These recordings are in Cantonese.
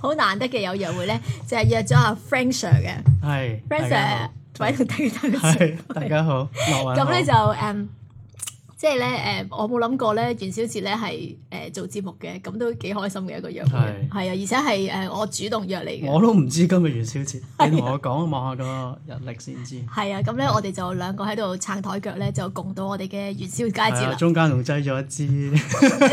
好難得嘅有約會咧，就係約咗阿 Fran Sir 嘅，係 Fran Sir 喺度等大家好，咁咧就誒。即係咧，誒，我冇諗過咧元宵節咧係誒做節目嘅，咁都幾開心嘅一個樣，係啊的，而且係誒我主動約的你嘅。我都唔知今日元宵節，你同我講，望下個日曆先知。係啊，咁咧我哋就兩個喺度撐台腳咧，就共到我哋嘅元宵佳節啦。中間仲擠咗一支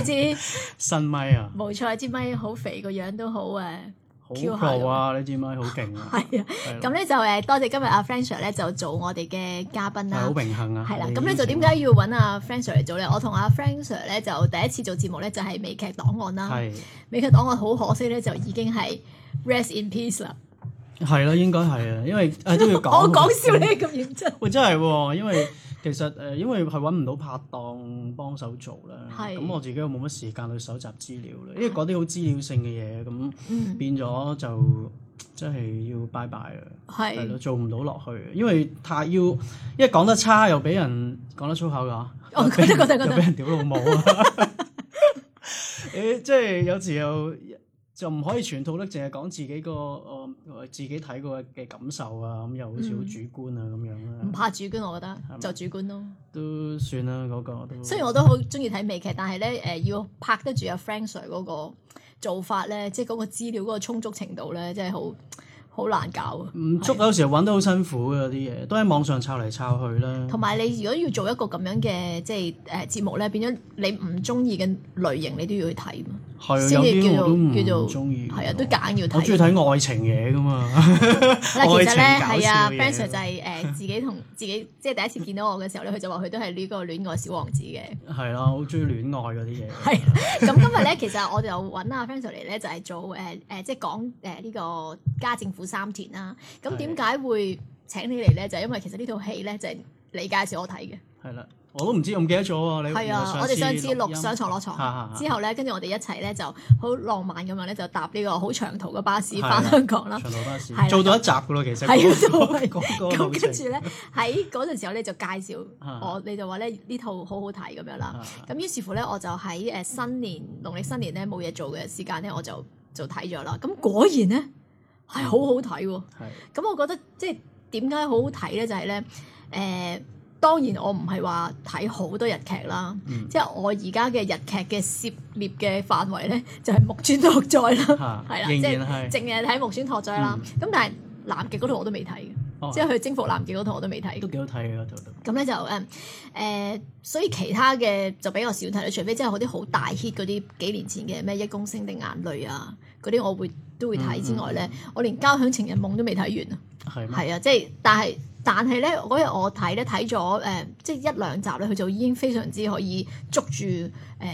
一支新咪啊！冇錯，支咪好肥個樣都好啊！ 好高啊！你知唔知好勁啊？係啊，咁咧就誒多謝今日阿 Fran Sir 咧就做我哋嘅嘉賓啦。係好、啊、榮幸啊！係啦、啊，咁咧、啊、就點解要揾阿 Fran Sir 嚟做咧？我同阿 Fran Sir 咧就第一次做節目咧就係、是、美劇檔案啦。係、啊、美劇檔案好可惜咧就已經係 rest in peace 啦。係啦、啊，應該係啊，因為誒都要講。 我講笑你咁認真、 哎。真係，因為。其實誒，因為係揾唔到拍檔幫手做啦，咁是的 我自己又冇乜時間去搜集資料啦，因為嗰啲好資料性嘅嘢咁，變咗就真係要拜拜啊，係咯是的，做唔到落去，因為太要，因為講得差又俾人講得粗口㗎，我覺得我覺得覺得又俾人屌老母啊，誒，即係有時候。就唔可以全套咧，淨係講自己個，哦、呃、自己睇過嘅感受啊，咁又好似好主觀啊，咁、嗯、樣啦。唔怕主觀，我覺得吧就主觀咯。都算啦，嗰、那個都。雖然我都好中意睇美劇，但係咧，誒、呃、要拍得住阿 Fran Sir 嗰個做法咧，即係嗰個資料嗰個充足程度咧，真係好，好難搞。唔足觸，的有時搵得好辛苦嘅啲嘢，都喺網上抄嚟抄去啦。同埋你如果要做一個咁樣嘅，即係誒節目咧，變咗你唔中意嘅類型，你都要去睇係有啲叫做叫做，係啊，都揀要睇。我中意睇愛情嘢噶嘛？嗱， 其實咧呢，係 啊，Fran Sir 就係、是、誒、呃、 自己同自己，即係第一次見到我嘅時候咧，佢就話佢都係呢個戀愛小王子嘅。係啦、 啊，好中意戀愛嗰啲嘢。係咁、 啊，今日咧，其實我就揾阿 Fran Sir 嚟咧，就係、是、做誒誒，即係講誒呢個家政婦三田啦。咁點解會請你嚟咧？就係、因為其實呢套戲咧，就係你介紹我睇嘅。係啦、啊。我都唔知，我唔記得咗喎。你係啊！我哋上次錄上牀落牀之後咧，跟住我哋一齊咧就好浪漫咁樣咧，就搭呢個好長途嘅巴士翻香港啦。長途巴士做到一集噶咯，其實係啊，做埋嗰個。咁跟住咧，喺嗰陣時候咧就介紹我，你就話咧呢套好好睇咁樣啦。咁於是乎咧，我就喺誒新年農曆新年咧冇嘢做嘅時間咧，我就就睇咗啦。咁果然咧係好好睇喎。係咁，我覺得即係點解好好睇咧？就係咧誒。當然我唔係話睇好多日劇啦，即係我而家嘅日劇嘅涉獵嘅範圍咧，就係木村拓哉啦，係啦，即係淨係睇木村拓哉啦。咁但係南極嗰套我都未睇，即係去征服南極嗰套我都未睇。都幾好睇嗰套。咁咧就誒誒，所以其他嘅就比較少睇啦，除非即係嗰啲好大 hit 嗰啲幾年前嘅咩《一公升的眼淚》啊，嗰啲我會都會睇之外咧，我連《交響情人夢》都未睇完啊，係啊，即係但係。但係咧，嗰日我睇咧睇咗，誒、呃，即係一兩集咧，佢就已經非常之可以捉住，誒、呃，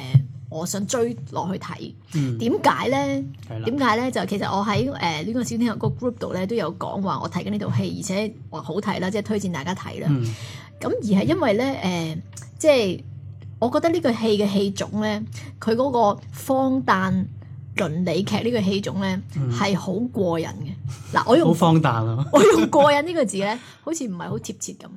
我想追落去睇。點解咧？點解咧？就其實我喺誒呢個小天后個 group 度咧都有講話，我睇緊呢套戲，而且話好睇啦，即係推薦大家睇啦。咁、嗯、而係因為咧，誒、呃，即係我覺得呢個戲嘅戲種咧，佢嗰個荒誕。倫理劇呢個戲種咧係好過癮嘅，嗱，我用好放大啊！我用過癮呢個字咧，好似唔係好貼切咁，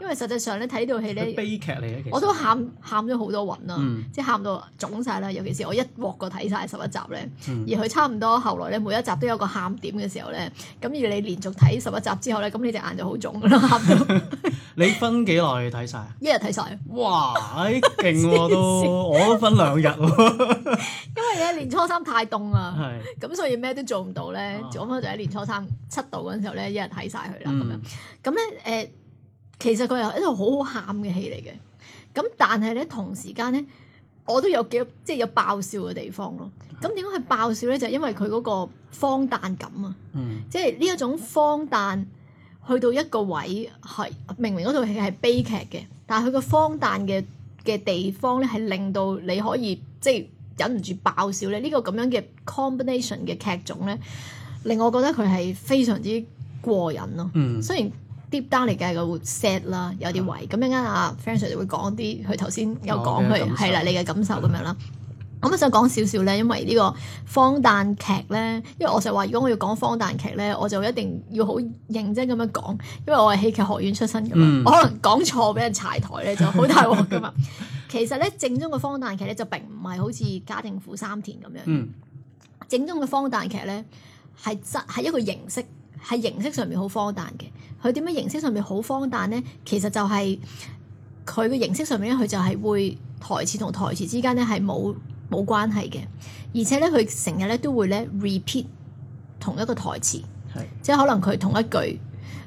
因為實際上咧睇套戲咧，悲劇嚟嘅，我都喊喊咗好多勻啦，嗯、即係喊到腫晒啦。尤其是我一鑊過睇晒十一集咧，嗯、而佢差唔多後來咧每一集都有個喊點嘅時候咧，咁而你連續睇十一集之後咧，咁你隻眼就好腫啦，喊到。 你分幾耐睇晒？一日睇晒？哇！誒、欸、勁我都， 我都分兩日喎， 因為一年初三太。太凍啊！咁所以咩都做唔到咧，我咁就喺年初三七度嗰陣時候咧，一日睇晒佢啦咁樣。咁咧、嗯，誒、呃，其實佢係一套好好喊嘅戲嚟嘅。咁但係咧，同時間咧，我都有幾即係有爆笑嘅地方咯。咁點解係爆笑咧？就係因為佢嗰個荒誕感啊！嗯、即係呢一種荒誕去到一個位，係明明嗰套戲係悲劇嘅，但係佢個荒誕嘅嘅地方咧，係令到你可以即係。忍唔住爆笑咧！呢、這個咁樣嘅 combination 嘅劇種咧，令我覺得佢係非常之過癮咯。嗯，雖然 deep down 嚟嘅個 set 啦，有啲位咁一陣間啊 Fran Sir 會講啲，佢頭先有講佢係啦，你嘅感受咁樣啦。的我咪想講少少咧，因為呢個荒誕劇咧，因為我成日話如果我要講荒誕劇咧，我就一定要好認真咁樣講，因為我係戲劇學院出身噶嘛，嗯、我可能講錯俾人柴台咧就好大鑊噶嘛。 其實咧正宗嘅荒誕劇咧就並唔係好似《家政婦三田》咁樣，嗯、正宗嘅荒誕劇咧係真係一個形式，係形式上面好荒誕嘅。佢點樣形式上面好荒誕咧？其實就係佢嘅形式上面咧，佢就係會台詞同台詞之間咧係冇冇關係嘅，而且咧，佢成日咧都會咧 repeat 同一個台詞，是即係可能佢同一句誒，佢、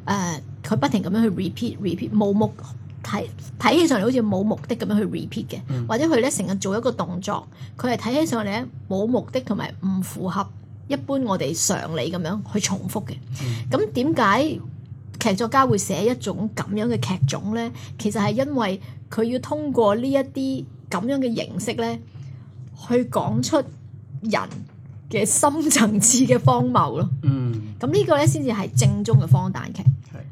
呃、不停咁樣去 repeat repeat，冇目睇睇起上嚟好似冇目的咁樣去 repeat 嘅，嗯、或者佢咧成日做一個動作，佢係睇起上嚟咧冇目的同埋唔符合一般我哋常理咁樣去重複嘅。咁點解劇作家會寫一種咁樣嘅劇種咧？其實係因為佢要通過呢一啲咁樣嘅形式咧。去講出人嘅深層次嘅荒謬咯，嗯，咁呢個咧先至係正宗嘅荒誕劇，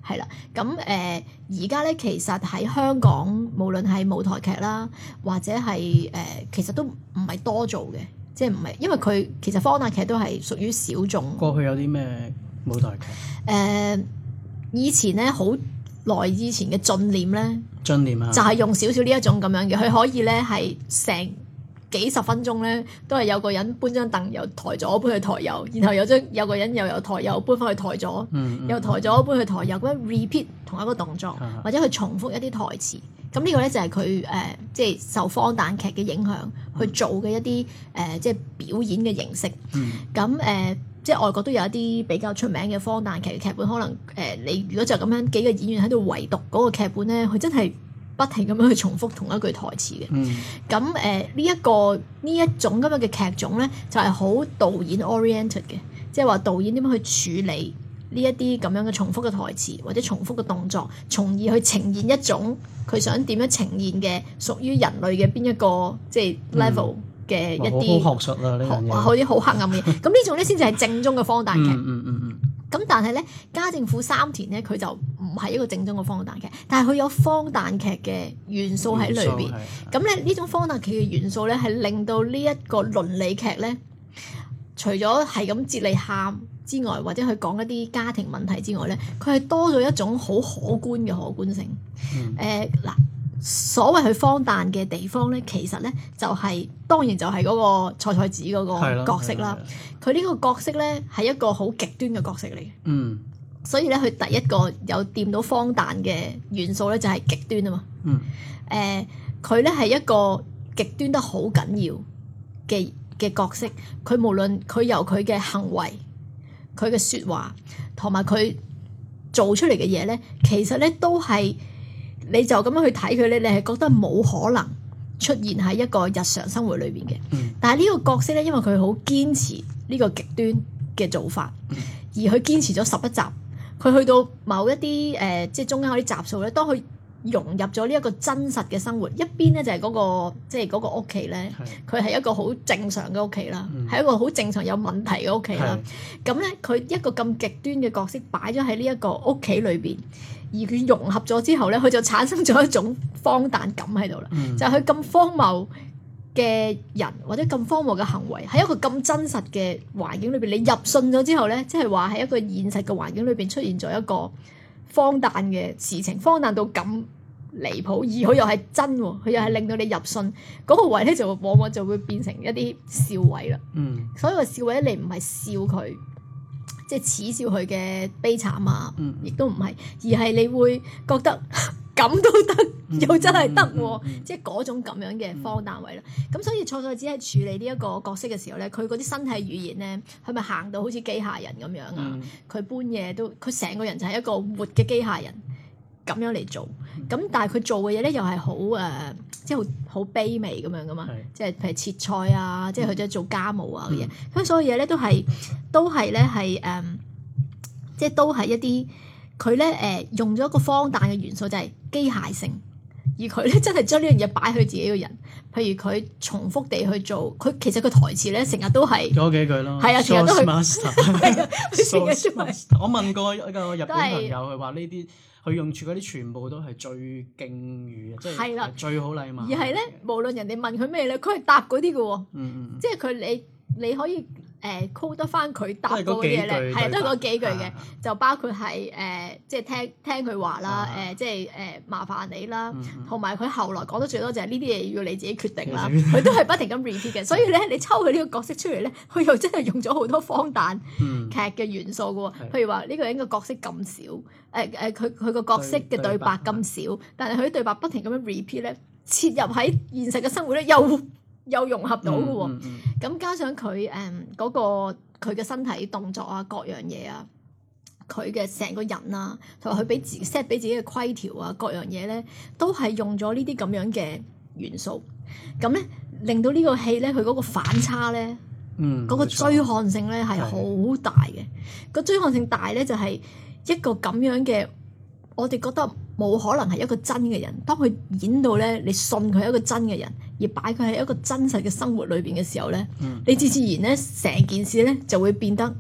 係係啦，咁誒而家咧其實喺香港，無論係舞台劇啦，或者係誒、呃，其實都唔係多做嘅，即係唔係，因為佢其實荒誕劇都係屬於小眾。過去有啲咩舞台劇？誒、呃，以前咧好耐以前嘅晉念咧，進念啊，就係用少少呢一種咁樣嘅，佢可以咧係成。幾十分鐘咧，都係有個人搬張凳由台左搬去台右，然後有張有個人又由台右搬翻去台左，嗯嗯、又台左搬去台右咁樣 repeat 同一個動作，嗯嗯、或者去重複一啲台詞。咁呢、嗯嗯、個咧就係佢誒即係受荒誕劇嘅影響、嗯、去做嘅一啲誒即係表演嘅形式。咁誒即係外國都有一啲比較出名嘅荒誕劇嘅劇本，可能誒、呃、你如果就咁樣幾個演員喺度唯讀圍讀嗰個劇本咧，佢真係。不停咁樣去重複同一句台詞嘅，咁誒呢一個呢一種咁樣嘅劇種咧，就係好導演 oriented 嘅，即係話導演點樣去處理呢一啲咁樣嘅重複嘅台詞或者重複嘅動作，從而去呈現一種佢想點樣呈現嘅屬於人類嘅邊一個即係 level 嘅、嗯、一啲、啊、好學術啦呢啲，好啲好黑暗嘅，咁呢 種咧先至係正宗嘅荒誕劇，嗯嗯嗯。嗯咁但係咧，家政婦三田咧，佢就唔係一個正宗嘅荒誕劇，但係佢有荒誕劇嘅元素喺裏邊。咁咧呢種荒誕劇嘅元素咧，係、嗯、令到倫呢一個倫理劇咧，除咗係咁接你喊之外，或者去講一啲家庭問題之外咧，佢係多咗一種好可觀嘅可觀性。誒、嗯，嗱、呃。所謂佢荒誕嘅地方咧，其實咧就係、是、當然就係嗰個菜菜子嗰個角色啦。佢呢個角色咧係一個好極端嘅角色嚟。嗯，所以咧佢第一個有掂到荒誕嘅元素咧就係、是、極端啊嘛。誒、嗯，佢咧係一個極端得好緊要嘅嘅角色。佢無論佢由佢嘅行為、佢嘅說話同埋佢做出嚟嘅嘢咧，其實咧都係。你就咁樣去睇佢咧，你係覺得冇可能出現喺一個日常生活裏邊嘅。嗯、但係呢個角色咧，因為佢好堅持呢個極端嘅做法，嗯、而佢堅持咗十一集，佢去到某一啲誒、呃、即係中間嗰啲集數咧，當佢融入咗呢一個真實嘅生活，一邊咧就係嗰、個即係嗰個屋企咧，佢、就、係、係、一個好正常嘅屋企啦，係、嗯、一個好正常有問題嘅屋企啦。咁咧、嗯，佢一個咁極端嘅角色擺咗喺呢一個屋企裏邊。而佢融合咗之後咧，佢就產生咗一種荒誕感喺度啦。嗯、就係佢咁荒謬嘅人，或者咁荒謬嘅行為，喺一個咁真實嘅環境裏邊，你入信咗之後咧，即係話喺一個現實嘅環境裏邊出現咗一個荒誕嘅事情，荒誕到咁離譜，而佢又係真，佢又係令到你入信嗰、嗰個位咧，就往往就會變成一啲笑位啦。嗯，所以個笑位你唔係笑佢。即係恥笑佢嘅悲慘啊，亦都唔係，而係你會覺得咁都得，又真係得、啊，即係嗰種咁樣嘅荒誕位。啦、嗯。咁、嗯嗯、所以菜菜子只係處理呢一個角色嘅時候咧，佢嗰啲身體語言咧，係咪行到好似機械人咁樣啊，佢、嗯、搬嘢都，佢成個人就係一個活嘅機械人。嗯嗯嗯嗯咁樣嚟做，咁但係佢做嘅嘢咧，又係好誒，即係好好卑微咁樣噶嘛，即係是譬如切菜啊，即係佢即係做家務啊嘅嘢，咁、嗯、所有嘢咧都係，都係咧係誒，即係都係一啲佢咧誒用咗一個荒誕嘅元素，就係、是、機械性，而佢咧真係將呢樣嘢擺去自己嘅人，譬如佢重複地去做，佢其實個台詞咧成日都係講幾句咯，係啊，做 master，我問過一個日本朋友，佢話呢啲。佢用處嗰啲全部都係最敬語嘅，的即係最好禮貌。而係咧，無論人哋問佢咩咧，佢係答嗰啲嘅喎，嗯、即係佢你你可以。誒 call 得翻佢答嗰啲嘢咧，係都係嗰幾句嘅，句啊、就包括係誒，即、呃、係、就是、聽聽佢話啦，誒即係誒麻煩你啦，同埋佢後來講得最多就係呢啲嘢要你自己決定啦，佢、嗯嗯、都係不停咁 repeat 嘅， 所以咧你抽佢呢個角色出嚟咧，佢又真係用咗好多荒誕劇嘅元素嘅喎，譬、嗯嗯、如話呢個人個角色咁少，誒誒佢佢個角色嘅對白咁少，但係佢對白不停咁樣 repeat 咧，切入喺現實嘅生活咧又。 又融合到嘅喎，咁、嗯嗯、加上佢誒嗰個佢嘅身體動作啊，各樣嘢啊，佢嘅成個人啊，同埋佢俾自 set 俾自己嘅規條啊，各樣嘢咧，都係用咗呢啲咁樣嘅元素，咁咧令到呢個戲咧，佢嗰個反差咧，嗰個追看性咧係好大嘅，個追看性大咧就係、是、一個咁樣嘅。我哋覺得冇可能係一個真嘅人，當佢演到咧，你信佢係一個真嘅人，而擺佢喺一個真實嘅生活裏邊嘅時候咧，嗯、你自自然咧，成件事咧就會變得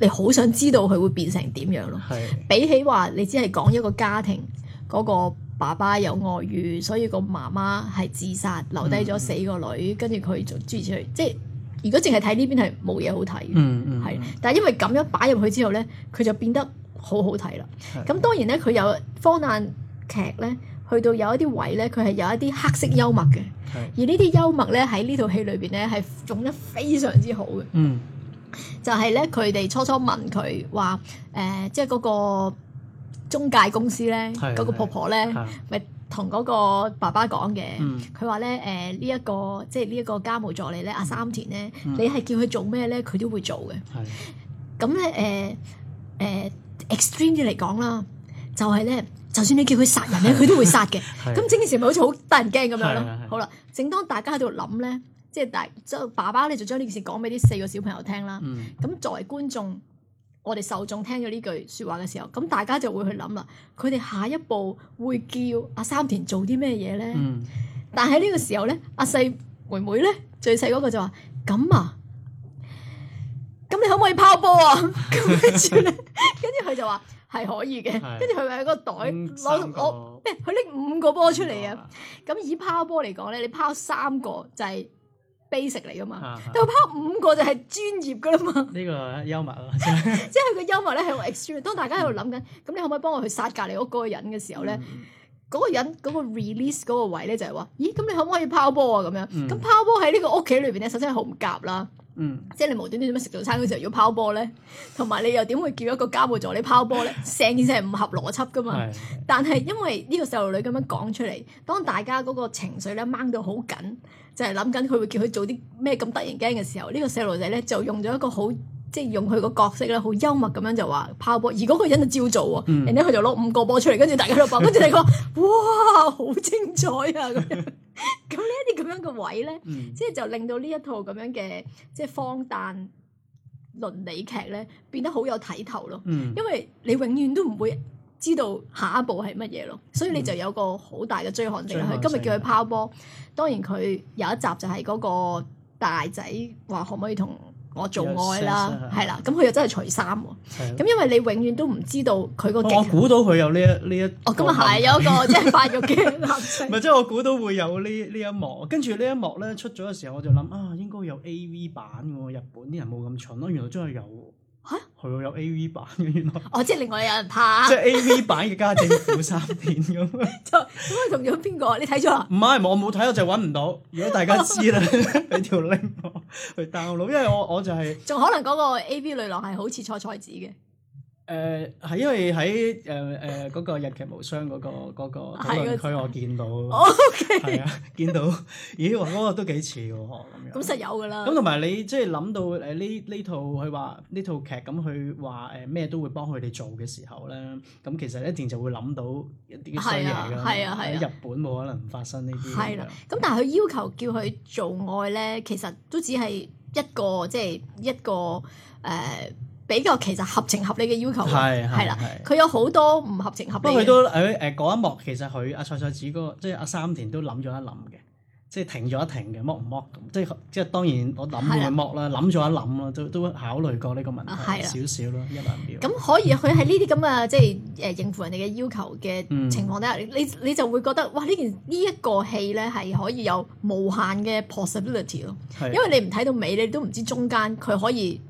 你好想知道佢會變成點樣咯。是比起話你只係講一個家庭嗰，嗰個爸爸有外遇，所以個媽媽係自殺，留低咗死個女，跟住佢就追住佢，即係如果淨係睇呢邊係冇嘢好睇，嗯，嗯嗯，係，但係因為咁樣擺入去之後咧，佢就變得。好好睇啦，咁當然咧，佢有科幻劇咧，去到有一啲位咧，佢係有一啲黑色幽默嘅，而呢啲幽默咧喺呢套戲裏邊咧係種得非常之好嘅。嗯，就係咧，佢哋初初問佢話，誒，即係嗰個中介公司咧，嗰個婆婆咧，咪同嗰個爸爸講嘅，佢話咧，誒，呢一個即係呢一個家務助理咧，阿三田咧，你係叫佢做咩咧，佢都會做嘅。係，咁咧，誒，誒。extreme 啲嚟講啦，就係、是、咧，就算你叫佢殺人咧，佢都會殺嘅。咁整件事咪好似好得人驚咁樣咯？好啦，正當大家喺度諗咧，即係大將爸爸咧就將呢件事講俾啲四個小朋友聽啦。咁、嗯、作為觀眾，我哋受眾聽咗呢句說話嘅時候，咁大家就會去諗啦。佢哋下一步會叫阿三田做啲咩嘢咧？嗯、但係呢個時候咧，阿細妹妹咧最細嗰個就話咁啊。咁你可唔可以拋波啊？咁跟住咧，跟住佢就話係可以嘅。跟住佢喺個袋攞我，佢拎五個波出嚟啊！咁以拋波嚟講咧，你拋三個就係 basic 嚟噶嘛，但佢拋五個就係專業噶啦嘛。呢個幽默啊，即係佢個幽默咧係用 extreme。當大家喺度諗緊，咁你可唔可以幫我去殺隔籬屋嗰個人嘅時候咧？嗰個人嗰個 release 嗰個位咧就係話，咦？咁你可唔可以拋波啊？咁樣咁拋波喺呢個屋企裏邊咧，首先係好唔夾啦。嗯，即係你無端端點樣食早餐嗰時候要拋波咧，同埋你又點會叫一個家務助理你拋波咧？成件事係唔合邏輯噶嘛？ 但係因為呢個細路女咁樣講出嚟，當大家嗰個情緒咧掹到好緊，就係諗緊佢會叫佢做啲咩咁突然驚嘅時候，呢、這個細路仔咧就用咗一個好，即、就、係、是、用佢個角色咧，好幽默咁樣就話拋波，而嗰個人就照做，然後佢就攞五個波出嚟，跟住大家就爆，跟住你講，嗯、 哇，好精彩啊！咁 呢一啲咁樣嘅位咧，嗯、即係就令到呢一套咁樣嘅即係荒誕倫理劇咧，變得好有睇頭咯。嗯、因為你永遠都唔會知道下一步係乜嘢咯，所以你就有個好大嘅追韓定。佢今日叫佢拋波，當然佢有一集就係嗰個大仔話可唔可以同。我做愛啦，係啦，咁佢又真係除衫喎，咁因為你永遠都唔知道佢個。我估到佢有呢一呢一。哦，咁啊，係有一個即係發育驚嚇聲。咪即係我估到會有呢呢一幕，跟住呢一幕咧出咗嘅時候，我就諗啊，應該有 A V 版喎，日本啲人冇咁蠢咯，原來真係有吓？佢有 A V 版嘅原來。哦，即係另外有人拍。即係 A V 版嘅家政婦三片咁。咁佢同咗邊個？你睇咗？唔係，我冇睇，我就揾唔到。如果大家知啦，俾條 l 去 download 因為我我就係、是，仲可能嗰個 AV 女郎係好似菜菜子嘅。誒係因為喺誒誒嗰個日劇無雙嗰、個嗰、個、討論區我見到，係啊、oh, okay. 見到，咦哇嗰個都幾似喎咁樣。咁實有噶啦。咁同埋你即係諗到誒呢呢套佢話呢套劇咁佢話誒咩都會幫佢哋做嘅時候咧，咁其實一定就會諗到一啲衰嘢。係啊，啦。啊，喺日本冇可能唔發生呢啲咁樣。咁但係佢要求叫佢做愛咧，其實都只係一個即係、即係、一個誒。呃比較其實合情合理嘅要求，係啦，佢有好多唔合情合理。不過佢都誒誒嗰一幕，其實佢阿菜菜子嗰個，即係阿三田都諗咗一諗嘅，即係停咗一停嘅，剝唔剝咁？即係即係當然我諗嘅剝啦，諗咗一諗啦，都都考慮過呢個問題少少咯，一兩秒。咁可以佢喺呢啲咁嘅即係誒應付人哋嘅要求嘅情況底下，你你就會覺得哇！呢件呢一個戲咧係可以有無限嘅 possibility 咯，因為你唔睇到尾，你都唔知中間佢可以。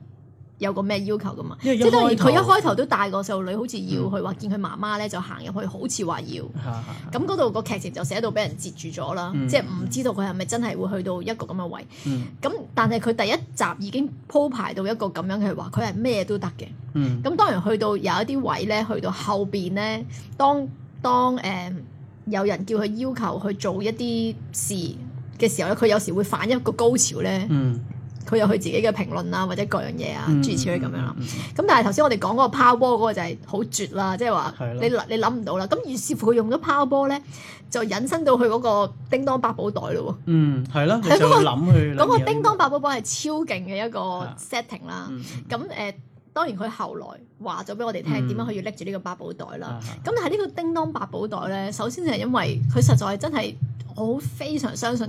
有個咩要求㗎嘛？即係當然，佢一開頭都帶個細路女，好似要去話見佢媽媽咧，就行入去，好似話要。咁嗰度個劇情就寫到俾人截住咗啦，嗯、即係唔知道佢係咪真係會去到一個咁嘅位。咁、嗯、但係佢第一集已經鋪排到一個咁樣嘅話，佢係咩都得嘅。咁、嗯、當然去到有一啲位咧，去到後邊咧，當當誒、呃、有人叫佢要求去做一啲事嘅時候咧，佢有時會反一個高潮咧。嗯佢有佢自己嘅評論啊，或者各樣嘢啊，諸如此類咁樣啦。咁、嗯、但係頭先我哋講嗰個拋波嗰個就係好絕啦，即係話你的你諗唔到啦。咁於是乎佢用咗拋波咧，就引申到佢嗰個叮當八寶袋咯。嗯，係咯，喺嗰個諗去。嗰個叮當八寶袋係超勁嘅一個 setting 啦。咁誒，當然佢後來話咗俾我哋聽點樣可以拎住呢個八寶袋啦。咁但係呢個叮當八寶袋咧，首先就係因為佢實在真係。我非常相信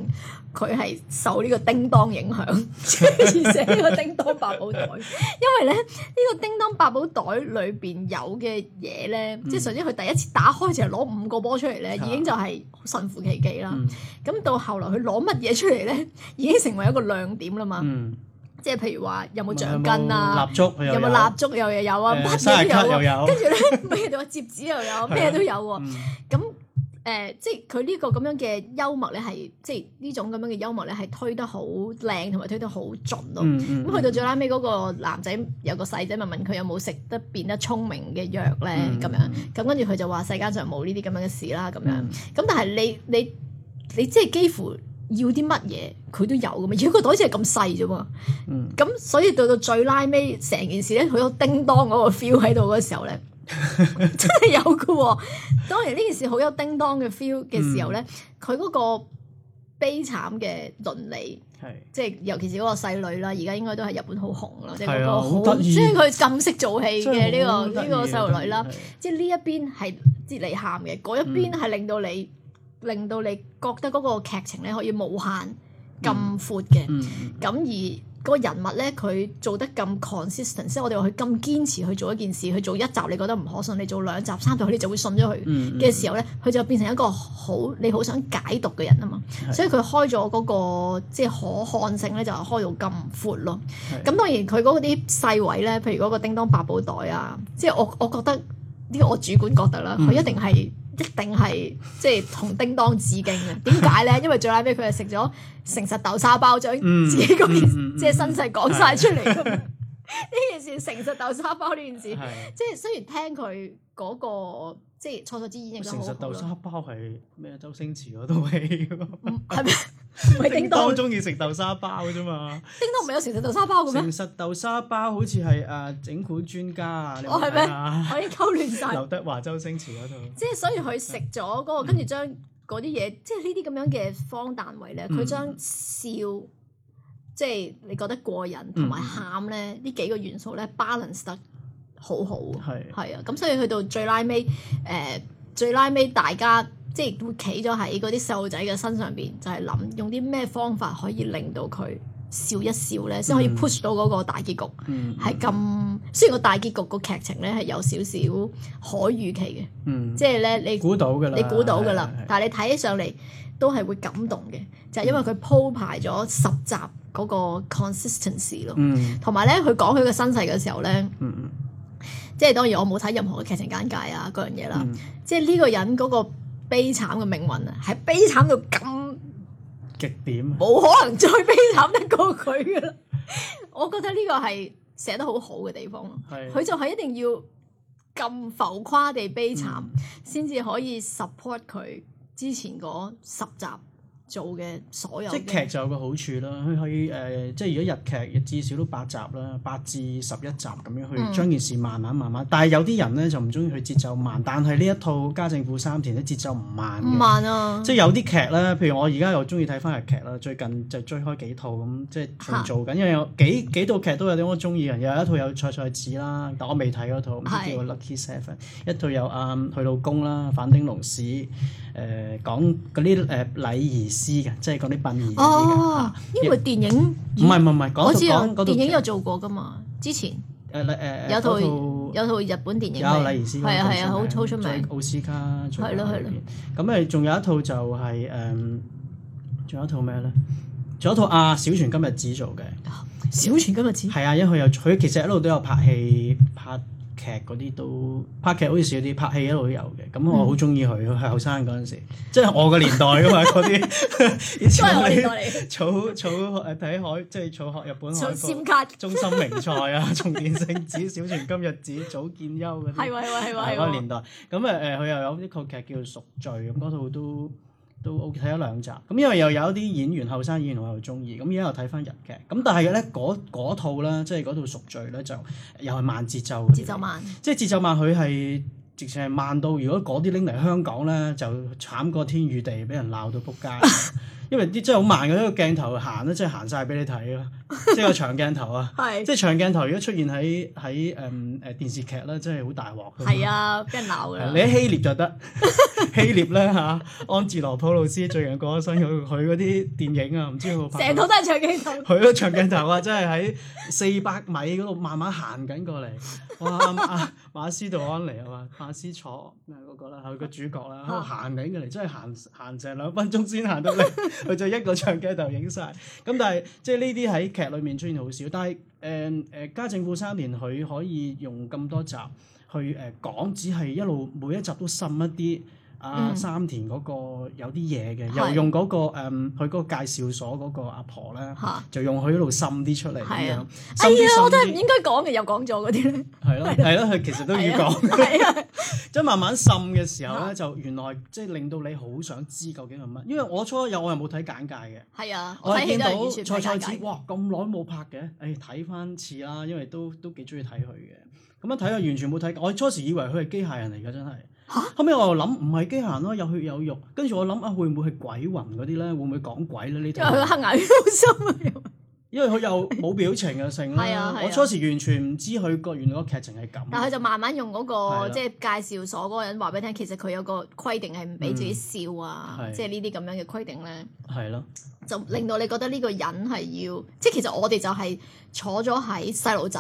佢係受呢個叮當影響，而且呢個叮當百寶袋，因為咧呢個叮當百寶袋裏邊有嘅嘢咧，即係首先佢第一次打開就係攞五個波出嚟咧，已經就係神乎其技啦。咁到後來佢攞乜嘢出嚟咧，已經成為一個亮點啦嘛。即係譬如話有冇橡筋啊，蠟燭，有冇蠟燭，又又有啊，乜嘢都有，跟住咧咩嘢有摺紙又有，咩都有喎。咁誒、呃，即係佢呢個咁樣嘅幽默咧，係即係呢種咁樣嘅幽默咧，係推得好靚同埋推得好準咯。咁、嗯嗯嗯、去到最拉尾嗰個男仔，有個細仔問問佢有冇食得變得聰明嘅藥咧，咁、嗯、樣咁跟住佢就話世界上冇呢啲咁樣嘅事啦，咁樣咁。嗯、但係你你你即係幾乎要啲乜嘢，佢都有㗎嘛？如果個袋只係咁細啫喎，咁、嗯、所以到到最拉尾成件事咧，好多叮噹嗰個 feel 喺度嗰時候咧。 真係有㗎，當然呢件事好有叮噹嘅 feel 嘅時候咧，佢嗰、嗯、個悲慘嘅倫理，係即係尤其是嗰個細女啦，而家應該都係日本好紅啦，即係個好，即係佢咁識做戲嘅呢個呢個細路女啦，即係呢一邊係接你喊嘅，嗰一邊係令到你令到你覺得嗰個劇情咧可以無限咁闊嘅，咁而、嗯。嗯嗯嗯個人物咧，佢做得咁 consistent，即係我哋話佢咁堅持去做一件事，去做一集你覺得唔可信，你做兩集三集，你就會信咗佢嘅時候咧，佢就變成一個好你好想解讀嘅人啊嘛。嗯嗯、所以佢開咗嗰、嗰個即係可看性咧，就開到咁闊咯。咁、嗯嗯、當然佢嗰啲細位咧，譬如嗰個叮當百寶袋啊，即係我我覺得呢、呢個我主管覺得啦，佢一定係、嗯。嗯一定係即係同叮噹致敬嘅，點解咧？因為最拉尾佢係食咗誠實豆沙包，將自己嗰件即係身世講晒出嚟。呢件事誠實豆沙包呢件事，是的 即係雖然聽佢嗰、嗰個即係錯錯之言，誠實豆沙包係咩？周星馳嗰套戲，係 咩？叮 當中意食豆沙包啫嘛，叮當唔係有誠實豆沙包嘅咩？誠實豆沙包好似係誒整蠱專家啊！家哦、我係咩？我已經溝亂晒。劉德華、周星馳嗰套。即係所以佢食咗嗰個，跟住將嗰啲嘢，即係呢啲咁樣嘅荒誕位咧，佢將、嗯、笑，即、就、係、是、你覺得過癮同埋喊咧呢幾個元素咧，balance 得好好。係係啊，咁所以去到最拉尾，誒、呃，最拉尾大家。即係會企咗喺嗰啲細路仔嘅身上邊，就係、是、諗用啲咩方法可以令到佢笑一笑咧，先可以 push 到嗰個大結局。係咁、嗯，雖然個大結局個劇情咧係有少少可預期嘅，即係咧你估到㗎啦，你估到㗎啦。但係你睇起上嚟都係會感動嘅，就係、是、因為佢鋪排咗十集嗰個 consistency 咯、嗯，同埋咧佢講佢嘅身世嘅時候咧，即係、嗯、當然我冇睇任何嘅劇情簡介啊嗰、嗯、樣嘢啦，即係呢個人嗰、那個。悲慘嘅命運啊，係悲慘到咁極點，冇可能再悲慘得過佢嘅啦。我覺得呢個係寫得好好嘅地方咯，佢就係一定要咁浮誇地悲慘，先至、嗯、可以 support 佢之前嗰十集。做嘅所有即係劇，就有個好處啦，佢可以誒、呃，即係如果日劇至少都八集啦，八至十一集咁樣去將件、嗯、事慢慢慢慢。但係有啲人咧就唔中意佢節奏慢，但係呢一套家政婦三田咧節奏唔慢，唔慢啊！即係有啲劇咧，譬如我而家又中意睇翻日劇啦，最近就追開幾套咁，即係做緊，因為有幾幾套劇都有啲我中意嘅，又有一套有菜菜子啦，但我未睇嗰套，唔是知叫 Lucky Seven，一套有阿佢老公啦，反町隆史，誒講嗰啲誒禮儀。嘅，即係講啲殯儀哦，呢部因為電影唔係唔係唔係，我知電影有做過噶嘛？之前，誒誒，有套有套日本電影，有《禮儀師》，係啊係啊，好好出名，奧斯卡出名。係咯係咯。咁誒，仲有一套就係誒，仲有一套咩咧？仲有一套阿小泉今日子做嘅。小泉今日子，係啊，因為有佢其實一路都有拍戲拍。劇嗰啲都拍劇好似有啲，拍戲一路都有嘅。咁我好中意佢，佢後生嗰陣時，即係我個年代啊嘛，嗰啲 那些 以前嗰你啲草草誒睇海，即係草學日本海，草纖卡中森明菜啊、，松田聖子、小泉今日子、早見優。嗰啲 些，係係係嗰個年代。咁誒誒，佢、呃、又、呃呃、有啲劇劇叫做熟聚《贖罪》，咁嗰套都。都 OK 睇咗兩集，咁因為又有一啲演員、後生演員我又中意，咁而家又睇翻日劇，咁但係咧嗰套咧，即係嗰套《贖、 就是、罪》咧，就又係慢節奏，嘅。節奏慢，即係節奏慢，佢係直情係慢到，如果嗰啲拎嚟香港咧，就慘過天與地，俾人鬧到撲街。 因為啲真係好慢嘅，一個鏡頭行咧，真係行晒俾你睇咯，即係個長鏡頭啊！即係長鏡頭，如果、啊、出現喺喺誒誒電視劇咧，真係好大鑊嘅。係啊，俾人鬧嘅、啊。你喺希臘就得 希臘咧嚇，啊、 安哲羅普魯斯最近過咗身，佢佢嗰啲電影啊，唔知有冇拍。成套都係長鏡頭。佢個 長鏡頭啊，真係喺四百米嗰度慢慢行緊過嚟。哇！哇哇馬斯杜安嚟係嘛？馬斯楚，咩、那、嗰個啦，佢、那個那個主角啦，行緊過嚟，真係行行成兩分鐘先行到嚟，佢 就一個長鏡就影晒。咁但係即係呢啲喺劇裏面出現好少，但係誒誒《家政婦三田》佢可以用咁多集去誒講，只係一路每一集都深一啲。阿三田嗰個有啲嘢嘅，又用嗰個誒，佢嗰個介紹所嗰個阿婆咧，就用佢喺度滲啲出嚟咁樣。哎呀，我都係唔應該講嘅，又講咗嗰啲。係咯，係咯，佢其實都要講。係啊，即係慢慢滲嘅時候咧，就原來即係令到你好想知究竟係乜，因為我初有，我又冇睇簡介嘅。係啊，我見到菜菜子哇咁耐冇拍嘅，誒睇翻次啦，因為都都幾中意睇佢嘅。咁樣睇啊，完全冇睇。我初時以為佢係機械人嚟，而家真係。吓，何後尾我又諗唔係機械咯，有血有肉。跟住我諗啊，會唔會係鬼魂嗰啲咧？會唔會講鬼咧？呢套黑眼烏心啊，因為佢又冇表情嘅性係啊，我初時完全唔知佢個原來個劇情係咁。但佢就慢慢用嗰、嗰個即係、啊、介紹所嗰個人話俾你聽，其實佢有個規定係唔俾自己笑啊，即係呢啲咁樣嘅規定咧。係咯、啊，就令到你覺得呢個人係要，即係其實我哋就係坐咗喺細路仔。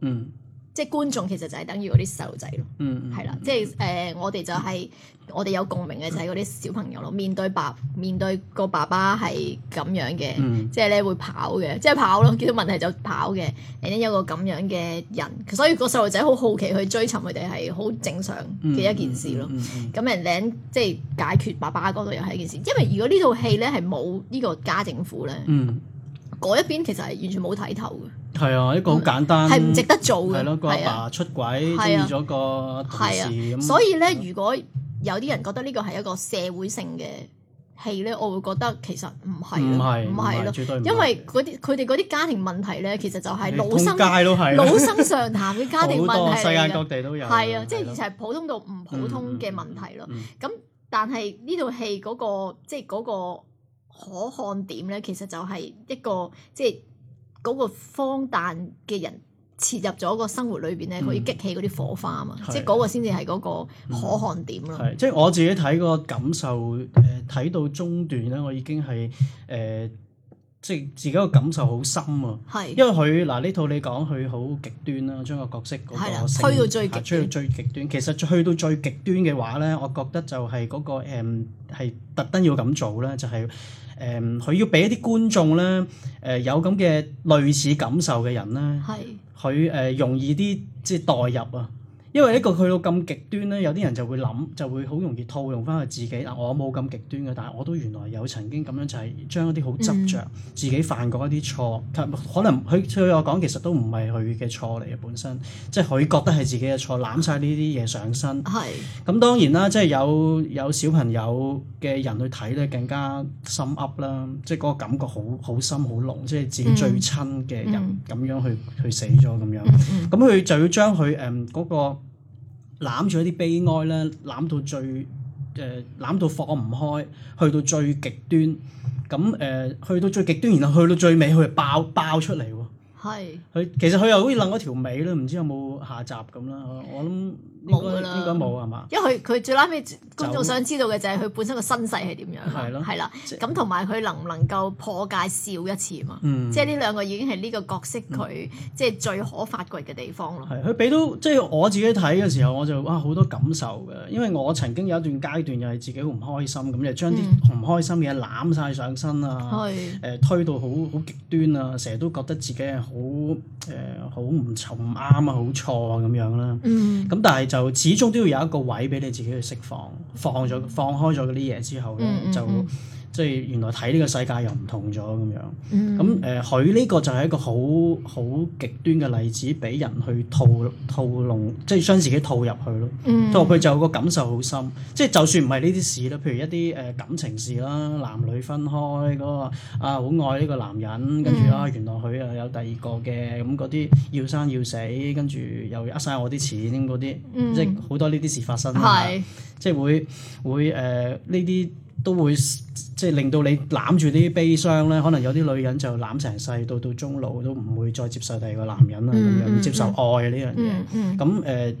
嗯。即係觀眾其實就係等於嗰啲細路仔咯，係啦、嗯，即係誒、呃，我哋就係、是、我哋有共鳴嘅就係嗰啲小朋友咯。面對爸，爸，面對個爸爸係咁樣嘅、嗯，即係咧會跑嘅，即係跑咯。見到問題就跑嘅，誒有個咁樣嘅人，所以個細路仔好好奇去追尋佢哋係好正常嘅一件事咯。咁人領即係解決爸爸嗰度又係一件事，因為如果呢套戲咧係冇呢個家政婦咧，嗰、嗯、一邊其實係完全冇睇頭嘅。係啊，一個好簡單。係唔值得做嘅。係咯，個阿爸出軌，中意咗個同事啊。所以咧，如果有啲人覺得呢個係一個社會性嘅戲咧，我會覺得其實唔係，唔係咯。因為啲佢哋嗰啲家庭問題咧，其實就係老生老生常談嘅家庭問題，世界各地都有。係啊，即係其實普通到唔普通嘅問題咯。咁但係呢套戲嗰個即係嗰個可看點咧，其實就係一個即係。嗰個荒誕嘅人切入咗個生活裏邊咧，可以、嗯、激起嗰啲火花啊嘛，的即係嗰個先至係嗰個可看點咯。即係、嗯、我自己睇個感受，誒、呃，睇到中段咧，我已經係誒、呃，即係自己個感受好深啊。係的因為佢嗱呢套你講佢好極端啦，將個角色嗰個推到最極，推到最極端。其實去到最極端嘅話咧，我覺得就係嗰、那個誒，係特登要咁做咧，就係、是。誒，佢要畀一啲觀眾咧，誒，有咁嘅類似感受嘅人咧，佢誒容易啲即係代入啊。因為呢個去到咁極端咧，有啲人就會諗，就會好容易套用翻佢自己。嗱、啊，我冇咁極端嘅，但係我都原來有曾經咁樣，就係、是、將一啲好執着、自己犯過一啲錯，嗯、可能佢對我講其實都唔係佢嘅錯嚟嘅本身，即係佢覺得係自己嘅錯，攬晒呢啲嘢上身。係是。咁當然啦，即係有有小朋友嘅人去睇咧，更加深鬱啦，即係嗰個感覺好好深好濃，即係自己最親嘅人咁、嗯嗯、樣去去死咗咁樣。咁佢、嗯、 就要將佢誒嗰個。攬住一啲悲哀咧，攬到最誒，攬到放唔開，去到最極端，咁、呃、誒，去到最極端，然後去到最尾，佢就爆爆出嚟喎。佢係其實佢又好似掕咗條尾啦，唔知有冇下集咁啦。我諗。冇啦，應該冇係嘛？因為佢佢最拉尾，觀眾想知道嘅就係佢本身個身世係點樣，係囉，係啦，咁同埋佢能唔能夠破戒笑一次嘛？嗯、即係呢兩個已經係呢個角色佢即係最可發掘嘅地方咯。係佢俾到即係我自己睇嘅時候，嗯、我就哇好多感受嘅，因為我曾經有一段階段又係自己好唔開心咁，就將啲唔開心嘅嘢攬曬上身啊，係誒、嗯嗯、推到好好極端啊，成日都覺得自己係好誒好唔唔啱啊，好錯啊咁樣啦。咁、嗯、但係。就始終都要有一個位俾你自己去釋放，放咗放開咗嗰啲嘢之後咧就。嗯嗯即係原來睇呢個世界又唔同咗咁樣，咁誒佢呢個就係一個好好極端嘅例子，俾人去套套籠，即係將自己套入去咯。咁佢、嗯、就有個感受好深，即係就算唔係呢啲事啦，譬如一啲誒感情事啦，男女分開嗰、嗰個啊，好愛呢個男人，跟住啦，原來佢又有第二個嘅，咁嗰啲要生要死，跟住又呃晒我啲錢嗰啲，嗯、即係好多呢啲事發生。嗯即係會會誒呢啲都會即係令到你攬住啲悲傷咧，可能有啲女人就攬成世到到中老都唔會再接受第二個男人啦，咁樣、mm hmm. 唔接受愛呢樣嘢。咁誒、mm hmm. 呃，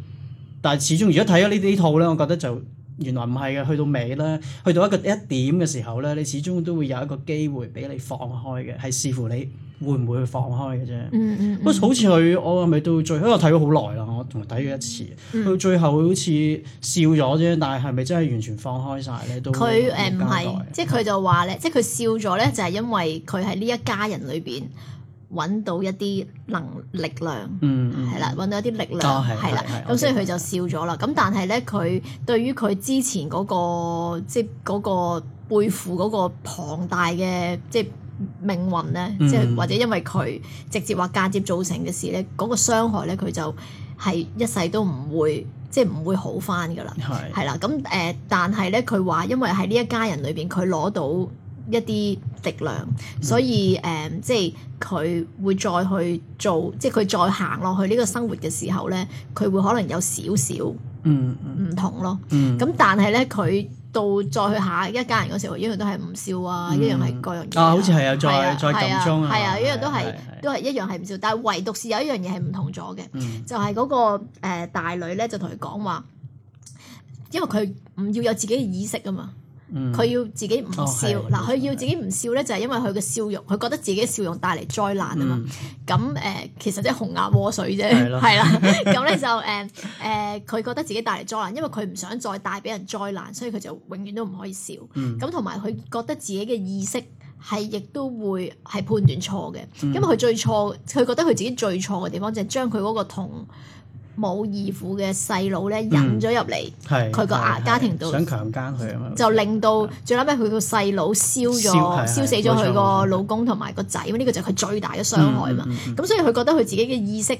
但係始終如果睇咗呢啲套咧，我覺得就。原來唔係嘅，去到尾咧，去到一個一點嘅時候咧，你始終都會有一個機會俾你放開嘅，係視乎你會唔會去放開嘅啫、嗯。嗯嗯。不過好似佢，我係咪到最後？我睇咗好耐啦，我同佢睇咗一次。去到、嗯、最後好似笑咗啫，但係係咪真係完全放開晒咧？都佢誒唔係，即係佢就話咧，嗯、即係佢笑咗咧，就係因為佢喺呢一家人裏邊。揾到一啲能力量，嗯，係啦，揾到一啲力量，係啦、哦，咁所以佢就笑咗啦。咁但係咧，佢對於佢之前嗰、嗰個即係嗰個背負嗰個龐大嘅即係命運咧，即係、嗯、或者因為佢直接話間接造成嘅事咧，嗰、嗰個傷害咧，佢就係一世都唔會即係唔會好翻噶啦，係啦的。咁誒，但係咧，佢話因為喺呢一家人裏邊，佢攞到。一啲力量，所以誒，即係，佢會再去做，即係，佢再行落去呢個生活嘅時候咧，佢會可能有少少，嗯，唔同咯。嗯，咁但係咧，佢到再去下一家人嗰時候，一樣都係唔笑啊，一樣係各樣嘢，啊，好似係啊，再再緊張啊，係啊，一樣都係，都係一樣，係唔笑，但係唯獨是有一樣嘢係唔同咗嘅，就係嗰個誒大女咧，就同佢講話，因為佢唔要有自己嘅意識啊嘛。佢、嗯、要自己唔笑，嗱佢、哦、要自己唔笑咧，就係因為佢嘅笑容，佢覺得自己笑容帶嚟災難啊嘛。咁誒、嗯呃，其實即係紅顏禍水啫，係啦。咁咧就誒誒，佢、呃、覺得自己帶嚟災難，因為佢唔想再帶俾人災難，所以佢就永遠都唔可以笑。咁同埋佢覺得自己嘅意識係亦都會係判斷錯嘅，嗯、因為佢最錯，佢覺得佢自己最錯嘅地方就係將佢嗰個痛。冇義父嘅細佬咧，引咗入嚟，佢個阿家庭度、嗯、想強姦佢啊嘛，就令到的最尾，佢個細佬燒咗，燒死咗佢個老公同埋個仔啊嘛！呢個就係佢最大嘅傷害啊嘛！咁、嗯嗯、所以佢覺得佢自己嘅意識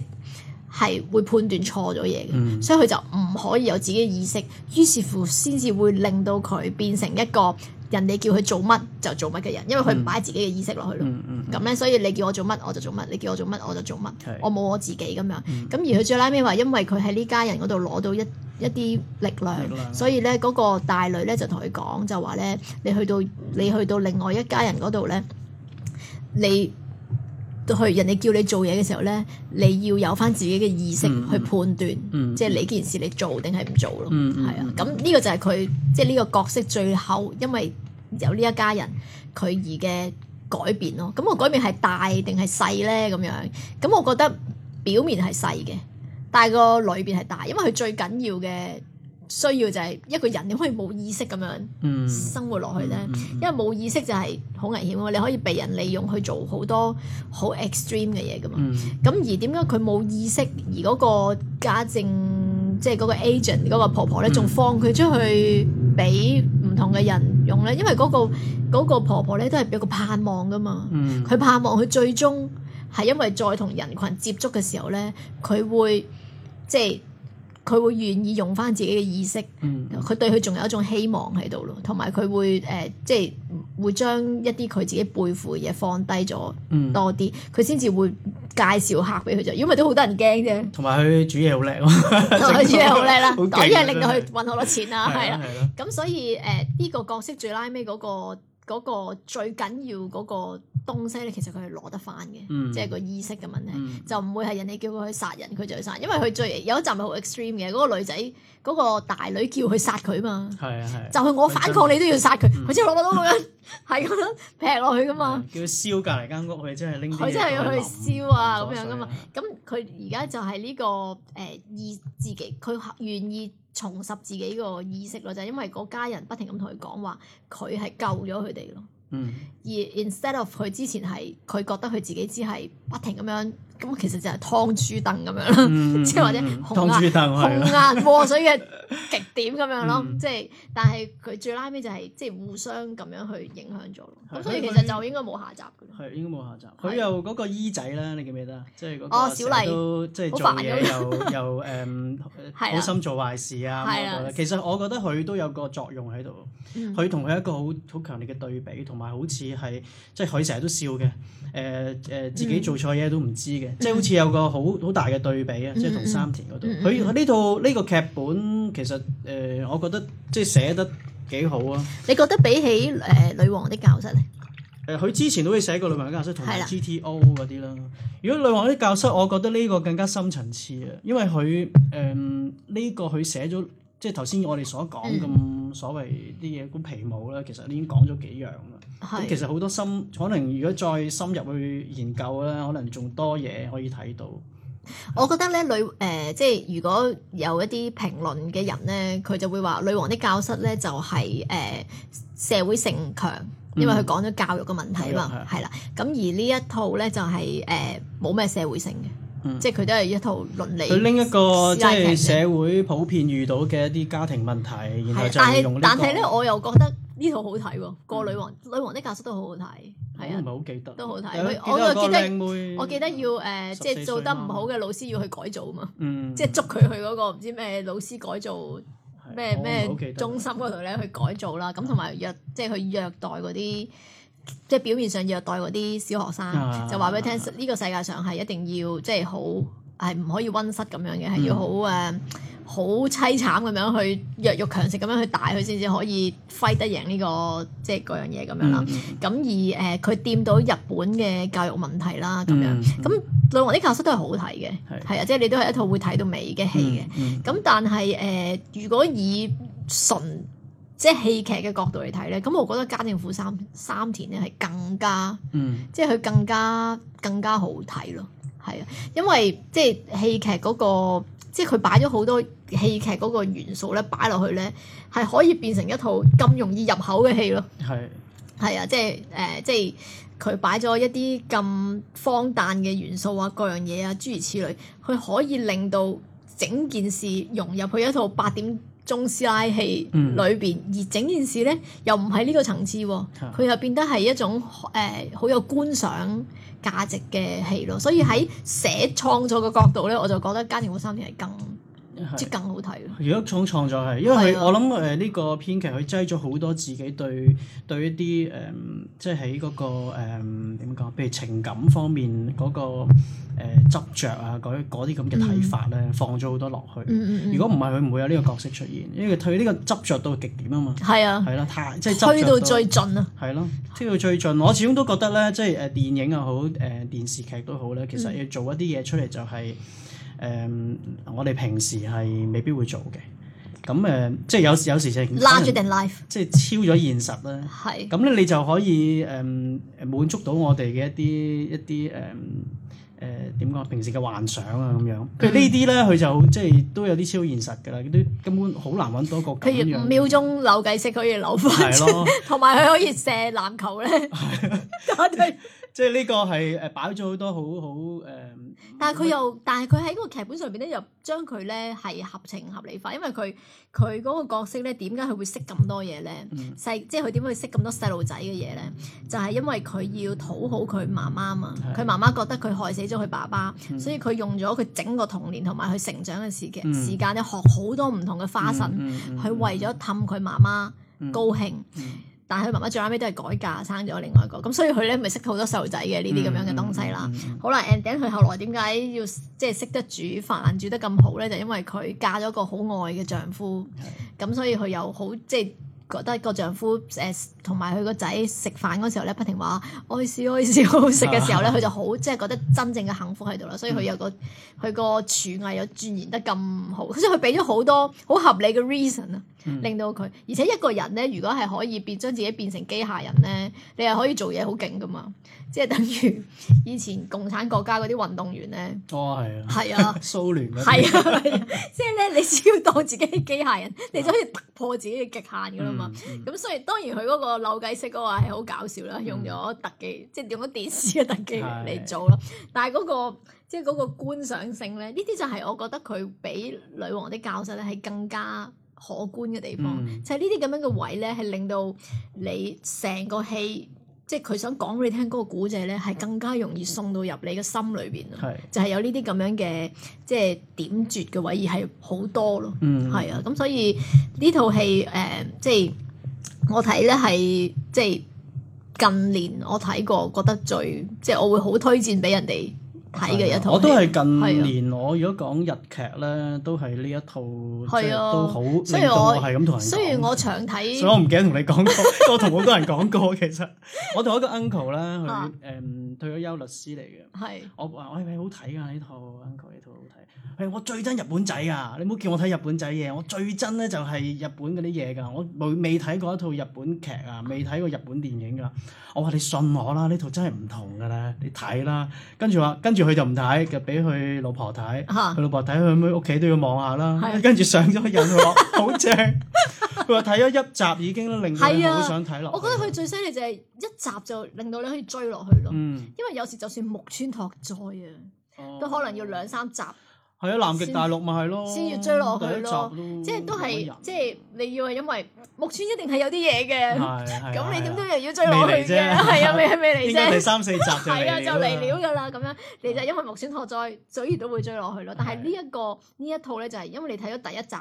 係會判斷錯咗嘢嘅，嗯、所以佢就唔可以有自己嘅意識，嗯、於是乎先至會令到佢變成一個。人哋叫佢做乜就做乜嘅人，因為佢唔擺自己嘅意識落去咯。咁咧、嗯嗯嗯，所以你叫我做乜我就做乜，你叫我做乜我就做乜。是我冇我自己咁樣。咁、嗯、而佢最拉尾話，因為佢喺呢家人嗰度攞到一一啲力量，力量。所以咧，嗰個大女咧就同佢講，就話咧，你去到你去到另外一家人嗰度咧，你。去人哋叫你做嘢嘅時候咧，你要有翻自己嘅意識去判斷，嗯嗯、即係你件事你做定係唔做咯。係啊、嗯、咁、嗯、呢個就係佢即係呢個角色最後，因為有呢一家人佢而嘅改變咯。咁我改變係大定係細咧？咁樣。咁，我覺得表面係細嘅，但係個裏邊係大，因為佢最緊要嘅。需要就係一個人你可以冇意識咁樣生活落去咧？嗯嗯、因為冇意識就係好危險，你可以被人利用去做好多好 extreme 嘅嘢噶嘛。咁、嗯、而點解佢冇意識？而嗰個家政即係嗰個 agent 嗰個婆婆咧，仲放佢出去俾唔同嘅人用咧？因為嗰、嗰個嗰個婆婆咧都係有個盼望噶嘛。佢、嗯、盼望佢最終係因為再同人群接觸嘅時候咧，佢會即係。佢會願意用翻自己嘅意識，佢對佢仲有一種希望喺度咯，同埋佢會誒、呃，即係會將一啲佢自己背負嘅嘢放低咗多啲，佢先至會介紹客俾佢，就因為都好得人驚啫。同埋佢煮嘢好叻咯，哈哈煮嘢好叻啦，一係、 啊、令到佢揾好多錢啦，係啦。咁所以誒，呢、呃呢個角色最拉尾嗰、嗰個。嗰個最緊要嗰個東西咧，其實佢係攞得翻嘅，嗯、即係個意識嘅問題，嗯、就唔會係人哋叫佢去殺人，佢就去殺，因為佢最有一集係好 extreme 嘅，嗰、嗰個女仔嗰、嗰個大女叫去殺佢嘛，係啊係，就係我反抗你都要殺佢，佢即係攞個刀咁樣係咁樣劈落去噶嘛，叫燒隔離間屋，佢、就是、真係拎，佢真係要去燒啊咁樣噶嘛，咁佢而家就係呢、呢個誒意自己佢願意。重拾自己個意識咯，就係因為嗰家人不停咁同佢講話，佢係救咗佢哋咯。而 instead of 佢之前係佢覺得佢自己只係不停咁樣。咁其實就係劏豬凳咁樣咯，即係或者紅紅顏禍水嘅極點咁樣咯，即係但係佢最拉尾就係即係互相咁樣去影響咗，咁所以其實就應該冇下集嘅。係應該冇下集。佢又嗰個姨仔咧，你記唔記得？即係嗰個小麗都即係做嘢又又誒，好心做壞事啊！其實我覺得佢都有個作用喺度，佢同佢一個好好強烈嘅對比，同埋好似係即係佢成日都笑嘅，誒誒自己做錯嘢都唔知。即係好似有個好好大嘅對比啊，即係同三田度。佢呢套呢個劇本其實誒，我覺得即係寫得幾好啊。你覺得比起誒《女王嘅教室》咧？誒的，佢之前都會寫過《女王的教室》同 GTO 啲啦。如果《女王嘅教室》，我覺得呢個更加深層次啊，因為佢誒呢個佢寫咗，即係頭先我哋所講咁所謂啲嘢，估皮毛啦。其實你已經講咗幾樣。其實好多深，可能如果再深入去研究咧，可能仲多嘢可以睇到。我覺得咧，女、呃、誒，即係如果有一啲評論嘅人咧，佢就會話《女王的教室、就是》咧就係誒社會性強，因為佢講咗教育嘅問題嘛，係啦、嗯。咁而呢一套咧就係誒冇咩社會性嘅，即係佢都係一套倫理。佢拎一個即係社會普遍遇到嘅一啲家庭問題，然後就用、這個但。但係咧，我又覺得。呢套好睇喎，《個女王》《女王的教室》都好好睇，係啊，唔係好記得，都好睇。我又記得，我記得要誒，即係做得唔好嘅老師要去改造啊嘛，嗯、即係捉佢去嗰、嗰個唔知咩老師改造咩咩中心嗰度咧去改造啦。咁同埋虐即係去虐待嗰啲，即係表面上虐待嗰啲小學生，就話俾佢聽，呢、啊啊、個世界上係一定要即係好。就是係唔可以溫室咁樣嘅，係要好誒，好淒慘咁樣去弱肉強食咁樣去大佢先至可以揮得贏呢個即係嗰樣嘢咁樣啦。咁而誒，佢掂到日本嘅教育問題啦，咁樣咁，對我啲教室都係好睇嘅，係啊 ifi elo，即係你都係一套會睇到尾嘅戲嘅。咁但係誒，如果以純即係戲劇嘅角度嚟睇咧，咁我覺得家政婦三三田咧係更加，即係佢更加更加好睇咯。係啊，因為即係戲劇嗰，那個，即係佢擺咗好多戲劇嗰個元素咧，擺落去咧係可以變成一套咁容易入口嘅戲咯。係係啊，即係誒，呃，即係佢擺咗一啲咁荒誕嘅元素啊，各樣嘢啊，諸如此類，佢可以令到整件事融入去一套八點中視拉戲裏邊，而整件事咧又唔喺呢個層次，佢又變得係一種誒、呃、好有觀賞價值嘅戲咯。所以喺寫創作嘅角度咧，我就覺得《家政婦三田》係更。即更好睇咯！如果從創作係，因為佢的我諗誒呢個編劇佢擠咗好多自己對對一啲誒、呃，即係喺嗰個誒點講，譬如情感方面嗰、那個誒執着啊，嗰啲咁嘅睇法咧，放咗好多落去。如果唔係，佢唔會有呢個角色出現。因為佢呢個執着到極點啊嘛，係啊的，係啦，即係推到最盡啊，係咯，推到最盡。推到最我始終都覺得咧，即係誒電影又好，誒電視劇都好咧，其實要做一啲嘢出嚟就係、是。誒、嗯，我哋平時係未必會做嘅，咁、嗯、誒，即係有時有時定 life 即係超咗現實啦。係是，咁咧你就可以誒誒、嗯、滿足到我哋嘅一啲一啲誒誒點講平時嘅幻想啊咁樣。譬如呢啲咧，佢就即係都有啲超現實㗎喇，佢都根本好難揾到一個。佢要五秒鐘扭計骰，可以扭翻，同埋佢可以射籃球咧， 即係呢個係誒擺咗好多好好誒，但係佢又，嗯、但係佢喺嗰個劇本上邊咧，又將佢咧係合情合理化，因為佢佢嗰個角色咧，點解佢會識咁多嘢咧？細、嗯、即係佢點解會識咁多細路仔嘅嘢咧？就係、是、因為佢要討好佢媽媽啊嘛，佢媽媽覺得佢害死咗佢爸爸，嗯、所以佢用咗佢整個童年同埋佢成長嘅時期時間咧、嗯，學好多唔同嘅花神，去、嗯嗯嗯嗯、為咗氹佢媽媽高興。嗯嗯嗯嗯但係佢媽媽最後尾都係改嫁，生咗另外一個，咁所以佢咧咪識好多細路仔嘅呢啲咁樣嘅東西啦。嗯嗯嗯、好啦，Andy 佢後來點解要即係識得煮飯煮得咁好咧？就因為佢嫁咗個好愛嘅丈夫，咁的、嗯、所以佢又好即係覺得個丈夫誒，同埋佢個仔食飯嗰時候咧，不停話愛笑好好食嘅時候咧，佢就好即係覺得真正嘅幸福喺度啦。所以佢有個佢個廚藝又鑽研得咁好，所以佢俾咗好多好合理嘅 reason 啊。令到佢，而且一個人咧，如果係可以變將自己變成機械人咧，你係可以做嘢好勁噶嘛？即係等於以前共產國家嗰啲運動員咧。哦，係啊，係啊的，蘇聯嗰啲係啊，即係咧，你只要當自己係機械人，的你就可以突破自己嘅極限噶啦嘛。咁、嗯嗯、所以當然佢嗰個扭計式嗰個係好搞笑啦，嗯、用咗特技，即係用咗電視嘅特技嚟做咯。的但係、那、嗰個即係嗰個觀賞性咧，呢啲就係我覺得佢比女王的教室咧係更加，可觀嘅地方，嗯，就係呢啲咁樣嘅位咧，係令到你成個戲，即係佢想講俾你聽嗰個古仔咧，係更加容易送到入你嘅心裏邊啊！係就係有呢啲咁樣嘅，即係點綴嘅位而係好多咯，嗯，係啊，咁所以呢套戲誒，呃，即係我睇咧係即係近年我睇過覺得最，即係我會好推薦俾人哋。睇嘅一套，我的都係近年。我如果講日劇咧，都係呢一套，都好。雖然我，我雖然我長睇，所以我唔記得同你講過。 因為我同好多人講過，其實我同一個 uncle 啦，佢誒退咗休律師嚟嘅。係的我話：我係咪好睇㗎？呢套 uncle 呢套好睇。係我最憎日本仔㗎。你唔好叫我睇日本仔嘢。我最憎咧就係日本嗰啲嘢㗎。我冇未睇過一套日本劇啊，未睇過日本電影㗎。我話你信我啦，呢套真係唔同㗎咧。你睇啦，跟住話，跟住。佢就唔睇，就俾佢老婆睇。佢、啊、老婆睇佢喺屋企都要望下啦。的跟住上咗癮，好正 很棒。佢話睇咗一集已經令你好想睇落。我覺得佢最犀利就係一集就令到你可以追落去咯。嗯、因為有時就算木村拓哉啊，哦、都可能要兩三集。係啊，南極大陸咪係咯，先要追落去咯，即係都係即係你要係因為木村一定係有啲嘢嘅，咁你點都又要追落去嘅，係啊，未係未嚟啫，三四集係啊，就嚟料噶啦，咁樣你就因為木村拓哉，所以都會追落去咯。但係呢一個呢一套咧，就係因為你睇咗第一集，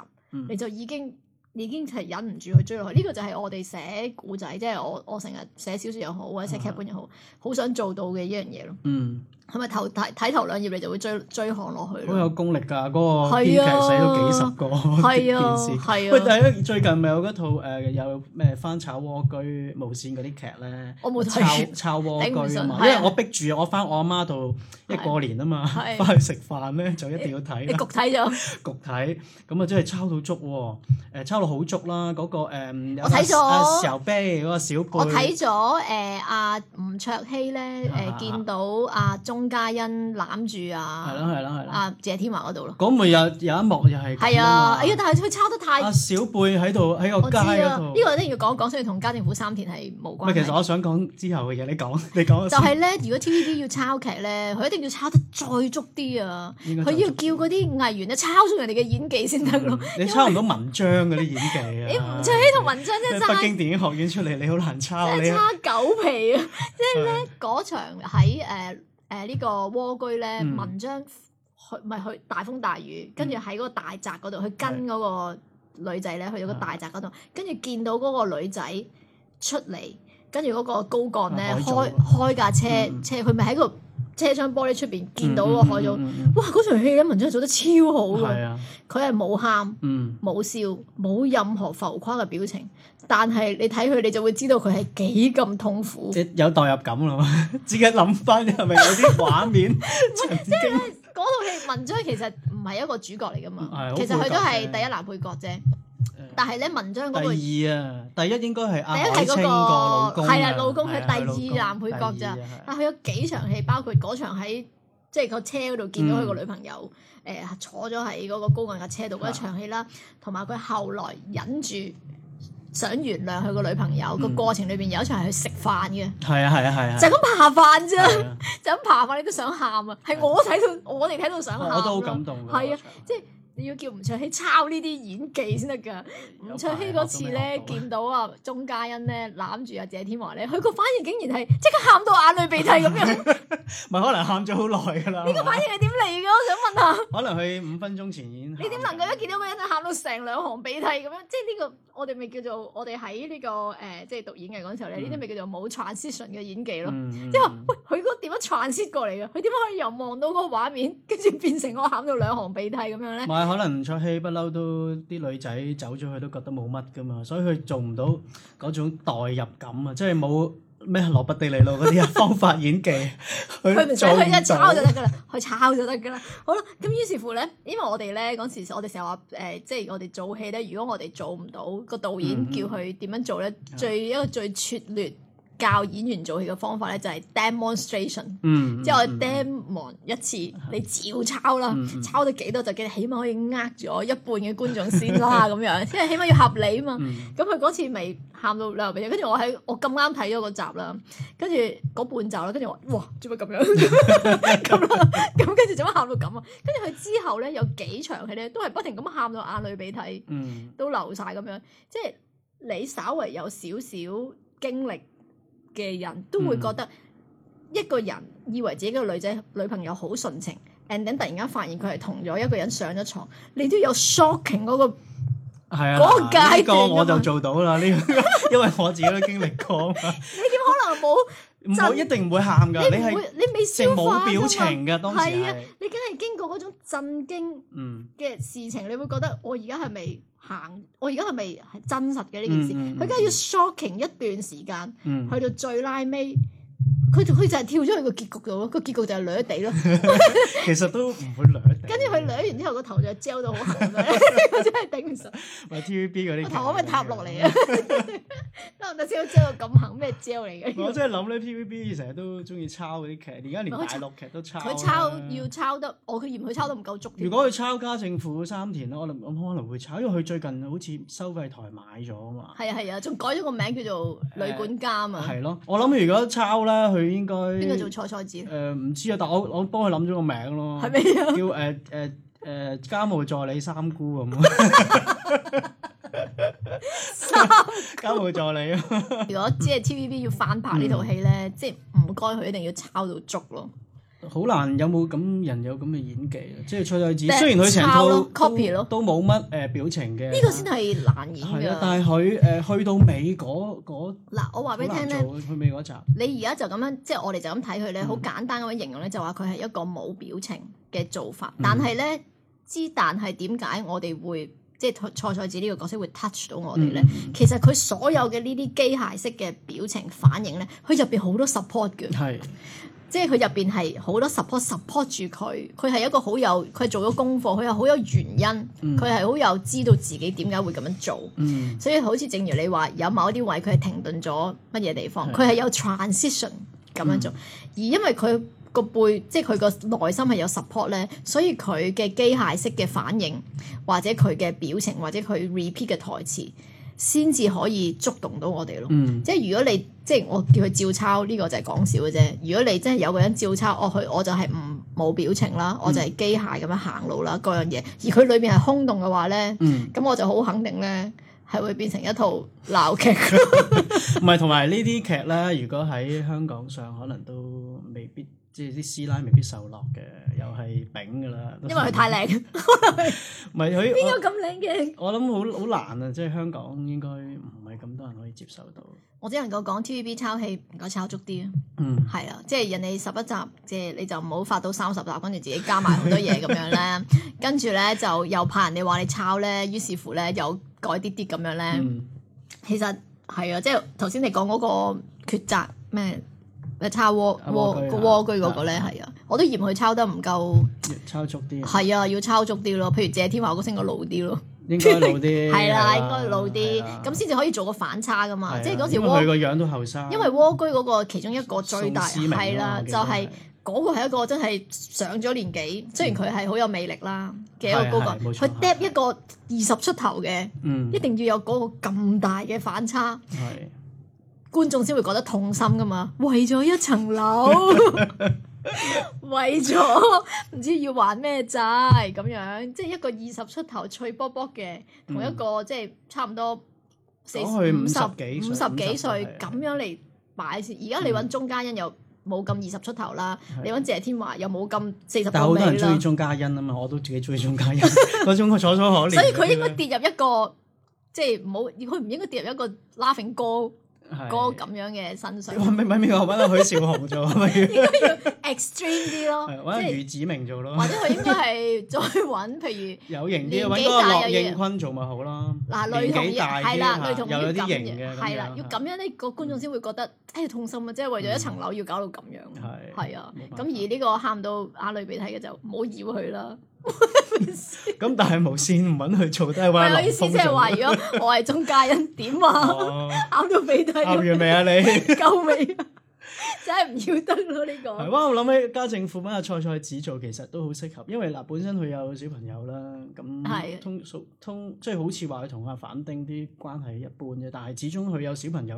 你就已經已經係忍唔住去追落去。呢個就係我哋寫古仔，即係我我成日寫小說又好，或者寫劇本又好，好想做到嘅一樣嘢咯。嗯。係咪頭睇睇頭兩頁你就會追追行落去？好有功力噶嗰個編劇寫咗幾十個電視，係啊。喂，但係最近咪有一套誒，有咩翻炒蝸居無線嗰啲劇咧？我冇睇炒蝸居啊嘛，因為我逼住我翻我阿媽度，一過年啊嘛，翻去食飯咧就一定要睇。你焗睇咗？焗睇，咁啊真係抄到足，誒抄到好足啦。嗰個誒，我睇咗。阿石碑個小貝我睇咗。誒阿吳卓羲咧，誒見到阿。鍾嘉欣攬住啊，係啦係啦係啦，啊，謝天華嗰度咯，嗰幕又有一幕又係，係啊，但係佢抄得太，阿小貝喺度喺個街嗰度，呢個一定要講一講，所以同《家政婦三田》係冇關。唔係，其實我想講之後嘅嘢。你講，你講。就係咧，如果 TVB 要抄劇咧，佢一定要抄得再足啲啊！佢要叫嗰啲藝員咧抄中人哋嘅演技先得咯。你抄唔到文章嘅啲演技啊！你唔抄呢套文章真係，北京電影學院出嚟，你好難抄，你差狗皮啊！即係咧，嗰場喺誒。誒呢個蝸居咧，文章去唔係去大風大雨，跟住喺嗰個大宅嗰度，佢跟嗰個女仔咧，去到個大宅嗰度，跟住見到嗰個女仔出嚟，跟住嗰個高幹咧開開架車車，佢咪喺個車窗玻璃出邊見到個海藻，哇！嗰場戲咧，文章做得超好，係啊，佢係冇喊、冇笑、冇任何浮誇嘅表情。但係你睇佢，你就會知道佢係幾咁痛苦。即有代入感咯， 自己諗翻係咪有啲畫面？ 是金即係嗰套戲文章其實唔係一個主角嚟噶嘛， 其實佢都係第一男配角啫。 但係咧文章嗰，那個第二啊，第一應該係阿清哥，那個，係啊老公佢，啊、第二男配角咋？ 啊、但佢有幾場戲，包括嗰場喺即係個車嗰度見到佢個女朋友，誒、嗯呃、坐咗喺嗰個高人嘅車度嗰一場戲啦，同埋佢後來忍住。想原諒佢個女朋友個過程裏邊，有一場係去食飯嘅，係啊係啊係啊，啊啊就咁爬飯啫，啊、 就咁爬飯你都想喊啊！係、啊、我睇到，啊、我哋睇到想喊、啊啊、我都好感動咯，係啊，即係、啊。你要叫吳卓羲抄呢啲演技先得噶。吳卓羲嗰次咧，見到啊鍾嘉欣咧攬住啊謝天華咧，佢個反應竟然係即刻喊到眼淚鼻涕咁樣，咪可能喊咗好耐噶啦。呢個反應係點嚟嘅？我想問下。可能佢五分鐘前演。你點能夠一見到嗰人就喊到成兩行鼻涕咁樣？即係呢個我哋咪叫做我哋喺呢個誒即係讀演藝嗰陣時候咧，呢啲咪叫做冇 transition 嘅演技咯。之後喂，佢嗰點樣 transit 過嚟嘅？佢點樣可以由望到嗰個畫面，跟住變成我喊到兩行鼻涕咁樣咧？但可能做戲不嬲都啲女仔走咗去都覺得冇乜噶嘛，所以佢做唔到嗰種代入感啊，即係冇咩羅拔迪尼路嗰啲方法演技，佢 做佢一抄就得噶啦，去抄就得噶啦。好啦，咁於是乎咧，因為我哋咧嗰時我哋成日話誒，即係我哋做戲咧，如果我哋做唔到個導演叫佢點樣做咧，嗯、最的一個最拙劣，劣。教演員做戲嘅方法咧、嗯，就係 demonstration，即係我 demon 一次，嗯、你照抄、嗯、抄啦，抄到幾多就幾，起碼可以呃咗一半嘅觀眾先啦咁樣，即係起碼要合理啊嘛。咁佢嗰次咪喊到流鼻涕，跟住我喺我咁啱睇咗個集啦，跟住嗰半集啦，跟住我哇，做乜咁樣咁啦？咁跟住做乜喊到咁啊？跟住佢之後咧，有幾場戲咧都係不停咁喊到眼淚鼻涕，都流晒咁樣。即係你稍為有少少經歷嘅人都會覺得，一個人以為自己個女仔女朋友好純情 ending 突然間發現佢係同咗一個人上咗床，你都有 shocking 嗰個係啊，個階段我就做到啦。呢個因為我自己都經歷過，你點可能冇冇一定唔會喊噶？你係你未消冇表情嘅當時係，你梗係經過嗰種震驚嗯嘅事情，你會覺得我而家係未。行，我而家係咪係真實嘅呢件事？佢梗係要 shocking 一段時間，mm hmm. 去到最拉尾。佢佢就係跳咗去個結局度咯，個結局就係掠地咯。 其實都唔會掠。跟住佢掠完之後，個頭就 gel 到好硬 我真係頂唔順。咪 T V B 嗰啲，頭咪塌落嚟啊！嗱，頭先 gel 到咁硬咩 gel 嚟嘅？我真係諗咧，T V B 成日都中意抄嗰啲劇，而家連大陸劇都抄。佢抄要抄得，我佢嫌佢抄得唔夠足。如果佢抄《家政婦三田》我諗諗可能會抄，因為佢最近好似收費台買咗啊嘛。係啊係啊，仲、啊、改咗個名叫做女管家、呃、啊。係咯，我諗如果抄咧。佢應該邊個做菜菜子？誒唔、呃、知啊，但係我我幫佢諗咗個名咯，係咪叫誒誒誒家務助理三姑咁。 三菇家務助理， 如果只係 TVB 要翻拍呢套戲咧，嗯、即係唔該佢一定要抄到足咯。好難有冇咁人有咁嘅演技，即係菜菜子。雖然佢成套都冇乜誒表情嘅，呢個先係難演。係啊，但係佢誒去到尾嗰，嗱，我話俾你聽咧，去尾嗰集。你而家就咁樣，即係我哋就咁睇佢咧，好簡單咁樣形容咧，就話佢係一個冇表情嘅做法。但係咧，之但係點解我哋會即係菜菜子呢個角色會 touch 到我哋咧？其實佢所有嘅呢啲機械式嘅表情反應咧，佢入邊好多 support 嘅。係。即係佢入邊係好多 supp support support 住佢，佢係一個好有佢做咗功課，佢係好有原因，佢係好有知道自己點解會咁樣做，嗯、所以好似正如你話有某啲位佢係停頓咗乜嘢地方，佢係有 transition 咁樣做，嗯、而因為佢個背即係佢個內心係有 support 咧，所以佢嘅機械式嘅反應或者佢嘅表情或者佢 repeat 嘅台詞。先至可以觸動到我哋咯，嗯、即係如果你即係我叫佢照抄呢、呢個就係講笑嘅啫。如果你真係有個人照抄，我佢我就係唔冇表情啦，我就係、嗯、機械咁樣行路啦，各樣嘢，而佢裏面係空洞嘅話咧，咁、嗯、我就好肯定咧，係會變成一套鬧劇。唔係同埋呢啲劇咧，如果喺香港上，可能都未必。即係啲師奶未必受落嘅，又係餅嘅啦。因為佢太靚，唔係佢邊個咁靚嘅？我諗好好難啊！即係香港應該唔係咁多人可以接受到。我只能夠講 T V B 抄戲唔該抄足啲啊。嗯，係啊，即係人哋十一集，即係你就唔好發到三十集，跟住自己加埋好多嘢咁樣咧，跟住咧就又怕人哋話你抄咧，於是乎咧又改啲啲咁樣咧。其實係啊，即係頭先你講嗰個抉擇咩？抄蝸蝸個蝸居嗰個咧，係啊，我都嫌佢抄得唔夠，抄足啲，係啊，要抄足啲咯。譬如謝天華嗰星個老啲咯，應該老啲，係啦，應該老啲，咁先至可以做個反差㗎嘛。即係嗰時蝸居個樣都後生。因為蝸居嗰個其中一個最大係啦，就係嗰個係一個真係上咗年紀，雖然佢係好有魅力啦嘅一個高個，佢搭一個二十出頭嘅，嗯，一定要有嗰個咁大嘅反差。係。觀眾先會覺得痛心噶嘛？為咗一層樓，為咗唔知要還咩債咁樣，即係一個二十出頭脆卜卜嘅，同一個即係差唔多四五十幾五十幾歲咁樣嚟擺。而家你揾鐘嘉欣又冇咁二十出頭啦，你揾謝天華又冇咁四十出頭啦。但好多人鍾意鐘嘉欣啊嘛，我都自己鍾意鐘嘉欣，嗰種楚楚可憐。所以佢應該跌入一個即係冇，佢唔應該跌入一個 laughing g 個咁樣嘅身世，揾唔揾我揾個揾阿許紹雄做，應該要 extreme 啲咯，即係揾余子明做咯，或者佢應該係再揾，譬如有型啲，揾個駱應鈞做咪好咯。嗱，女同係啦，女同埋要型嘅，係啦，要咁樣咧個觀眾先會覺得，哎，痛心啊！即係為咗一層樓要搞到咁樣，係係啊。咁而呢個喊到眼淚鼻涕嘅就唔好要佢啦。咁 事但係無綫唔揾佢做，都係話。我意思即係話，如果我係中介人，點啊？啱到鼻都，啱完未啊你？夠未？真係唔要得咯呢個。係喎，我諗起家政婦揾阿菜菜子做，其實都好適合，因為嗱、呃、本身佢有小朋友啦，咁的通數通，通即係好似話佢同阿反町啲關係一般嘅，但係始終佢有小朋友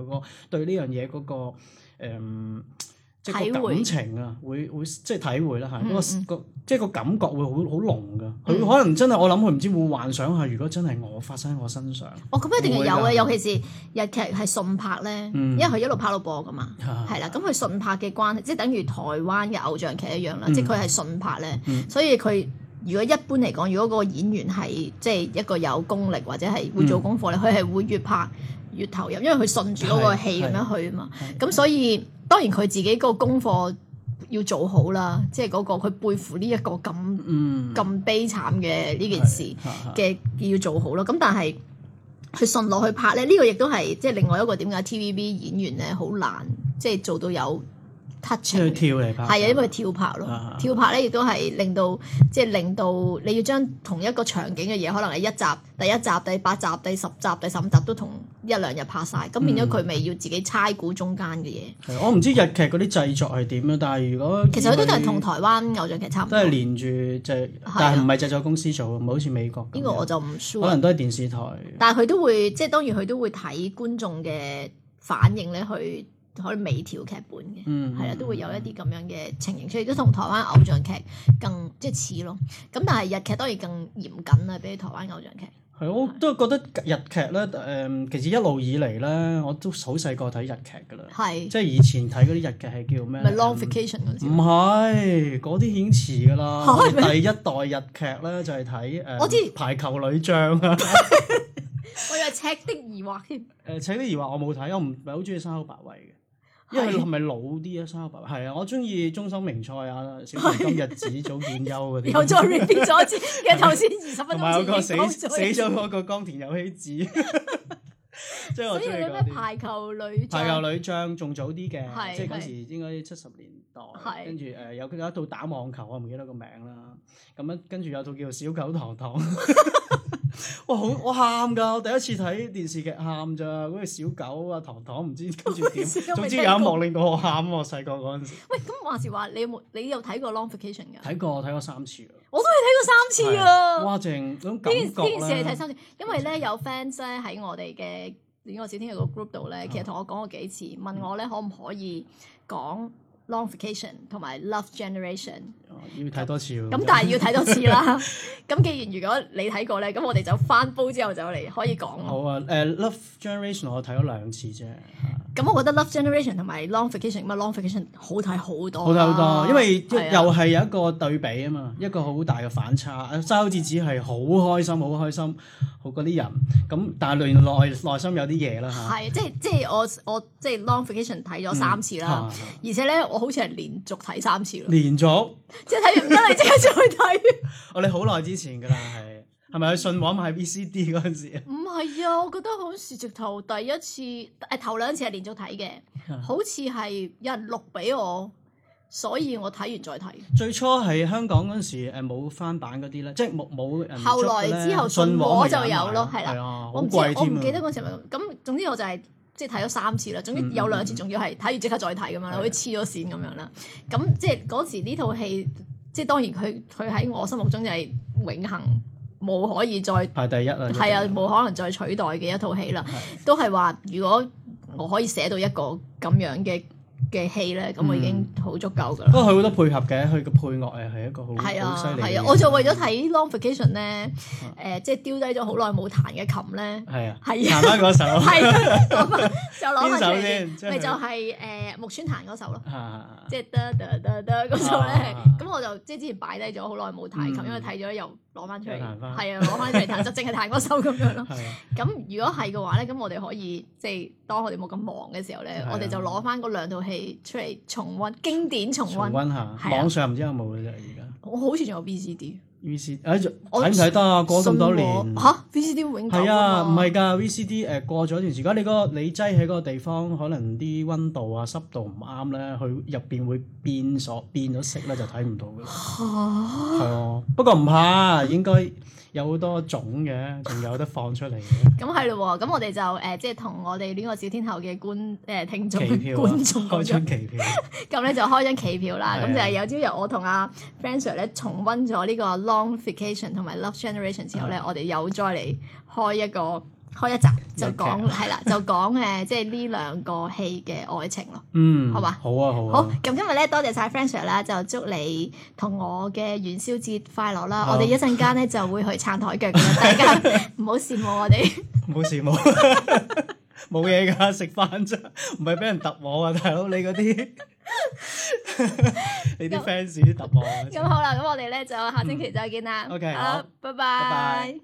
對個對呢樣嘢嗰個誒。嗯即係感情啊會，會會即係體會啦嚇，嗯，那個個即係個感覺會好好濃噶。佢、嗯、可能真係我諗佢唔知會幻想下，如果真係我發生喺我身上，哦，咁一定係有嘅。的尤其是日劇係順拍咧，嗯、因為佢一路拍到播噶嘛，係啦、啊。咁佢順拍嘅關係，即係等於台灣嘅偶像劇一樣啦。嗯、即係佢係順拍咧，嗯、所以佢如果一般嚟講，如果個演員係即係一個有功力或者係會做功課咧，佢係會越拍，越投入，因為佢順住嗰個戲咁樣去啊嘛，咁所以當然佢自己個功課要做好啦，即係嗰、嗰個佢背負呢一個咁咁、嗯、悲慘嘅呢件事嘅要做好咯。咁但係佢順落去拍咧，呢、呢個亦都係即係另外一個點解 TVB 演員咧好難，即、就、係、係、做到有 touch。佢跳嚟拍，係啊，因為跳拍咯，的跳拍咧亦都係令到即係令到你要將同一個場景嘅嘢，可能係一集、第一集、第八集、第十集、第十五集,十集,十集,十集都同。一兩日拍晒，咁變咗佢咪要自己猜估中間嘅嘢、嗯？我唔知日劇嗰啲製作係點啦，但係如果其實好多都係同台灣偶像劇差唔多，都係連住即係，但係唔係製作公司做，唔係好似美國呢個我就唔 sure，可能都係電視台，但係佢都會即係當然佢都會睇觀眾嘅反應咧，去可以微調劇本嘅，嗯，係都會有一啲咁樣嘅情形，所以都同台灣偶像劇更即係似咯。咁但係日劇當然更嚴謹啦，比台灣偶像劇。係，我都係覺得日劇咧，誒，其實一路以嚟咧，我都好細個睇日劇噶啦，是即係以前睇嗰啲日劇係叫咩？唔係，嗰啲已經遲噶啦，嗎第一代日劇咧就係睇誒排球女將啊，我以為赤的疑惑添，誒赤的疑惑我冇睇，我唔唔係好中意山口百惠嘅。係咪是老啲啊？三阿八，係啊！我中意中森明菜啊，小泉今日子早見優嗰啲。又再 repeat 咗一次嘅頭先二十分鐘。同埋有個死死咗嗰個岡田有希子。即係我中意所以嗰啲排球女排球女將仲早啲嘅， 是即係嗰時應該七十年代。跟住誒有佢有一套打網球，我唔記得個名啦。咁樣跟住有套叫做《小狗糖糖》。哇！好我喊噶，我第一次睇電視劇喊咋，嗰隻小狗啊，糖糖唔知跟住點，總之有一幕令到我喊喎，細個嗰陣時。喂，咁話時話你有冇？你有睇過《Long Vacation》噶？睇過，睇過三次啊！我都係睇過三次啊！哇！正嗰種感覺咧，呢件事你睇三次，因為咧像有 fans 咧喺我哋嘅戀愛小天氣個 group 度咧，其實同我講過幾次，問我咧可唔可以講《Long Vacation》同埋《Love Generation》。要睇多次咯。咁 但係要睇多次啦。咁既然如果你睇過咧，咁我哋就翻煲之後就嚟可以講。好啊。誒、呃、Love Generation 我睇咗兩次啫。咁、啊嗯、我覺得 Love Generation 同埋 Vac Long Vacation，咁啊 Long Vacation 好睇好多。好睇好多，因為又係有、啊、一個對比啊嘛，一個好大嘅反差。周子只係好開，開心，好開心，好嗰啲人。咁但係內內內心有啲嘢啦嚇。係、啊，即係即係我我即係 Long Vacation 睇咗三次啦，嗯啊、而且咧我好似係連續睇三次咯。連續。 即係睇完唔得，你即刻再去睇。 我哋好耐之前噶啦，係係咪去信和買 VCD 嗰陣時？唔係 啊，我覺得好似直頭第一次誒、哎，頭兩次係連續睇嘅，好似係有人錄俾我，所以我睇完再睇。 最初係香港嗰陣時誒，冇翻版嗰啲咧，即係冇冇。後來之後信和就有咯，係啦。了 啊、我唔知我唔記得嗰陣時咪咁， 總之我就係、是。即係睇咗三次啦，總之有兩次仲要係睇完即刻再睇咁，嗯嗯嗯，樣，好似黐咗綫咁樣啦。咁即係嗰時呢套戲，即係當然佢佢喺我心目中就係永恆，冇可以再排第一啦。係啊，冇可能再取代嘅一套戲啦。是的 都係話如果我可以寫到一個咁樣嘅。嘅戲咧，咁我已經好足夠㗎啦。不過佢好多配合嘅，佢嘅配樂誒係一個好係啊，係啊！我就為咗睇《Long Vacation》咧，誒即係丟低咗好耐冇彈嘅琴咧，係啊，係啊，彈翻嗰首，係就攞翻住咪就係誒木村彈嗰首咯，即係得得得得嗰首咧。咁我就即係之前擺低咗好耐冇彈琴，因為睇咗又。攞翻出嚟，係啊，攞翻出嚟彈，就淨係彈嗰首咁樣咯。咁如果係嘅話咧，咁我哋可以即係當我哋冇咁忙嘅時候咧，啊、我哋就攞翻嗰兩套戲出嚟重温經典，重溫，重温下。啊、網上唔知有冇嘅啫，而家我好似仲有 B C D。VCD 睇唔睇得啊？CD，呃、過咁多年吓 VCD 永久啊？係啊，唔係㗎，VCD 誒過咗一段時間，你個你擠喺嗰個地方，可能啲温度啊濕度唔啱咧，佢入邊會變咗變咗色咧，就睇唔到嘅。嚇蛤！係啊，不過唔怕，應該。有好多種嘅，仲有得放出嚟嘅。咁係咯喎，咁我哋就誒、呃，即係同我哋呢個小天后嘅觀誒聽眾、啊、觀眾開張期票。咁咧、 嗯、就開張期票啦。咁 的就係有朝日我同阿 Fran Sir 咧重溫咗呢個 Long Vacation 同埋 Love Generation 之後咧，的我哋有再嚟開一個。開一集就講係啦，就講誒，即係呢兩個戲嘅愛情咯，嗯，好吧，好啊，好啊，好。咁今日咧，多謝晒 Fran Sir 啦，就祝你同我嘅元宵節快樂啦！我哋一陣間咧就會去撐台腳嘅，大家唔好羨慕我哋，唔好羨慕，冇嘢噶，食飯啫，唔係俾人揼我啊，大佬，你嗰啲你啲 fans 揼我。咁好啦，咁我哋咧就下星期再見啦，OK，好，拜拜。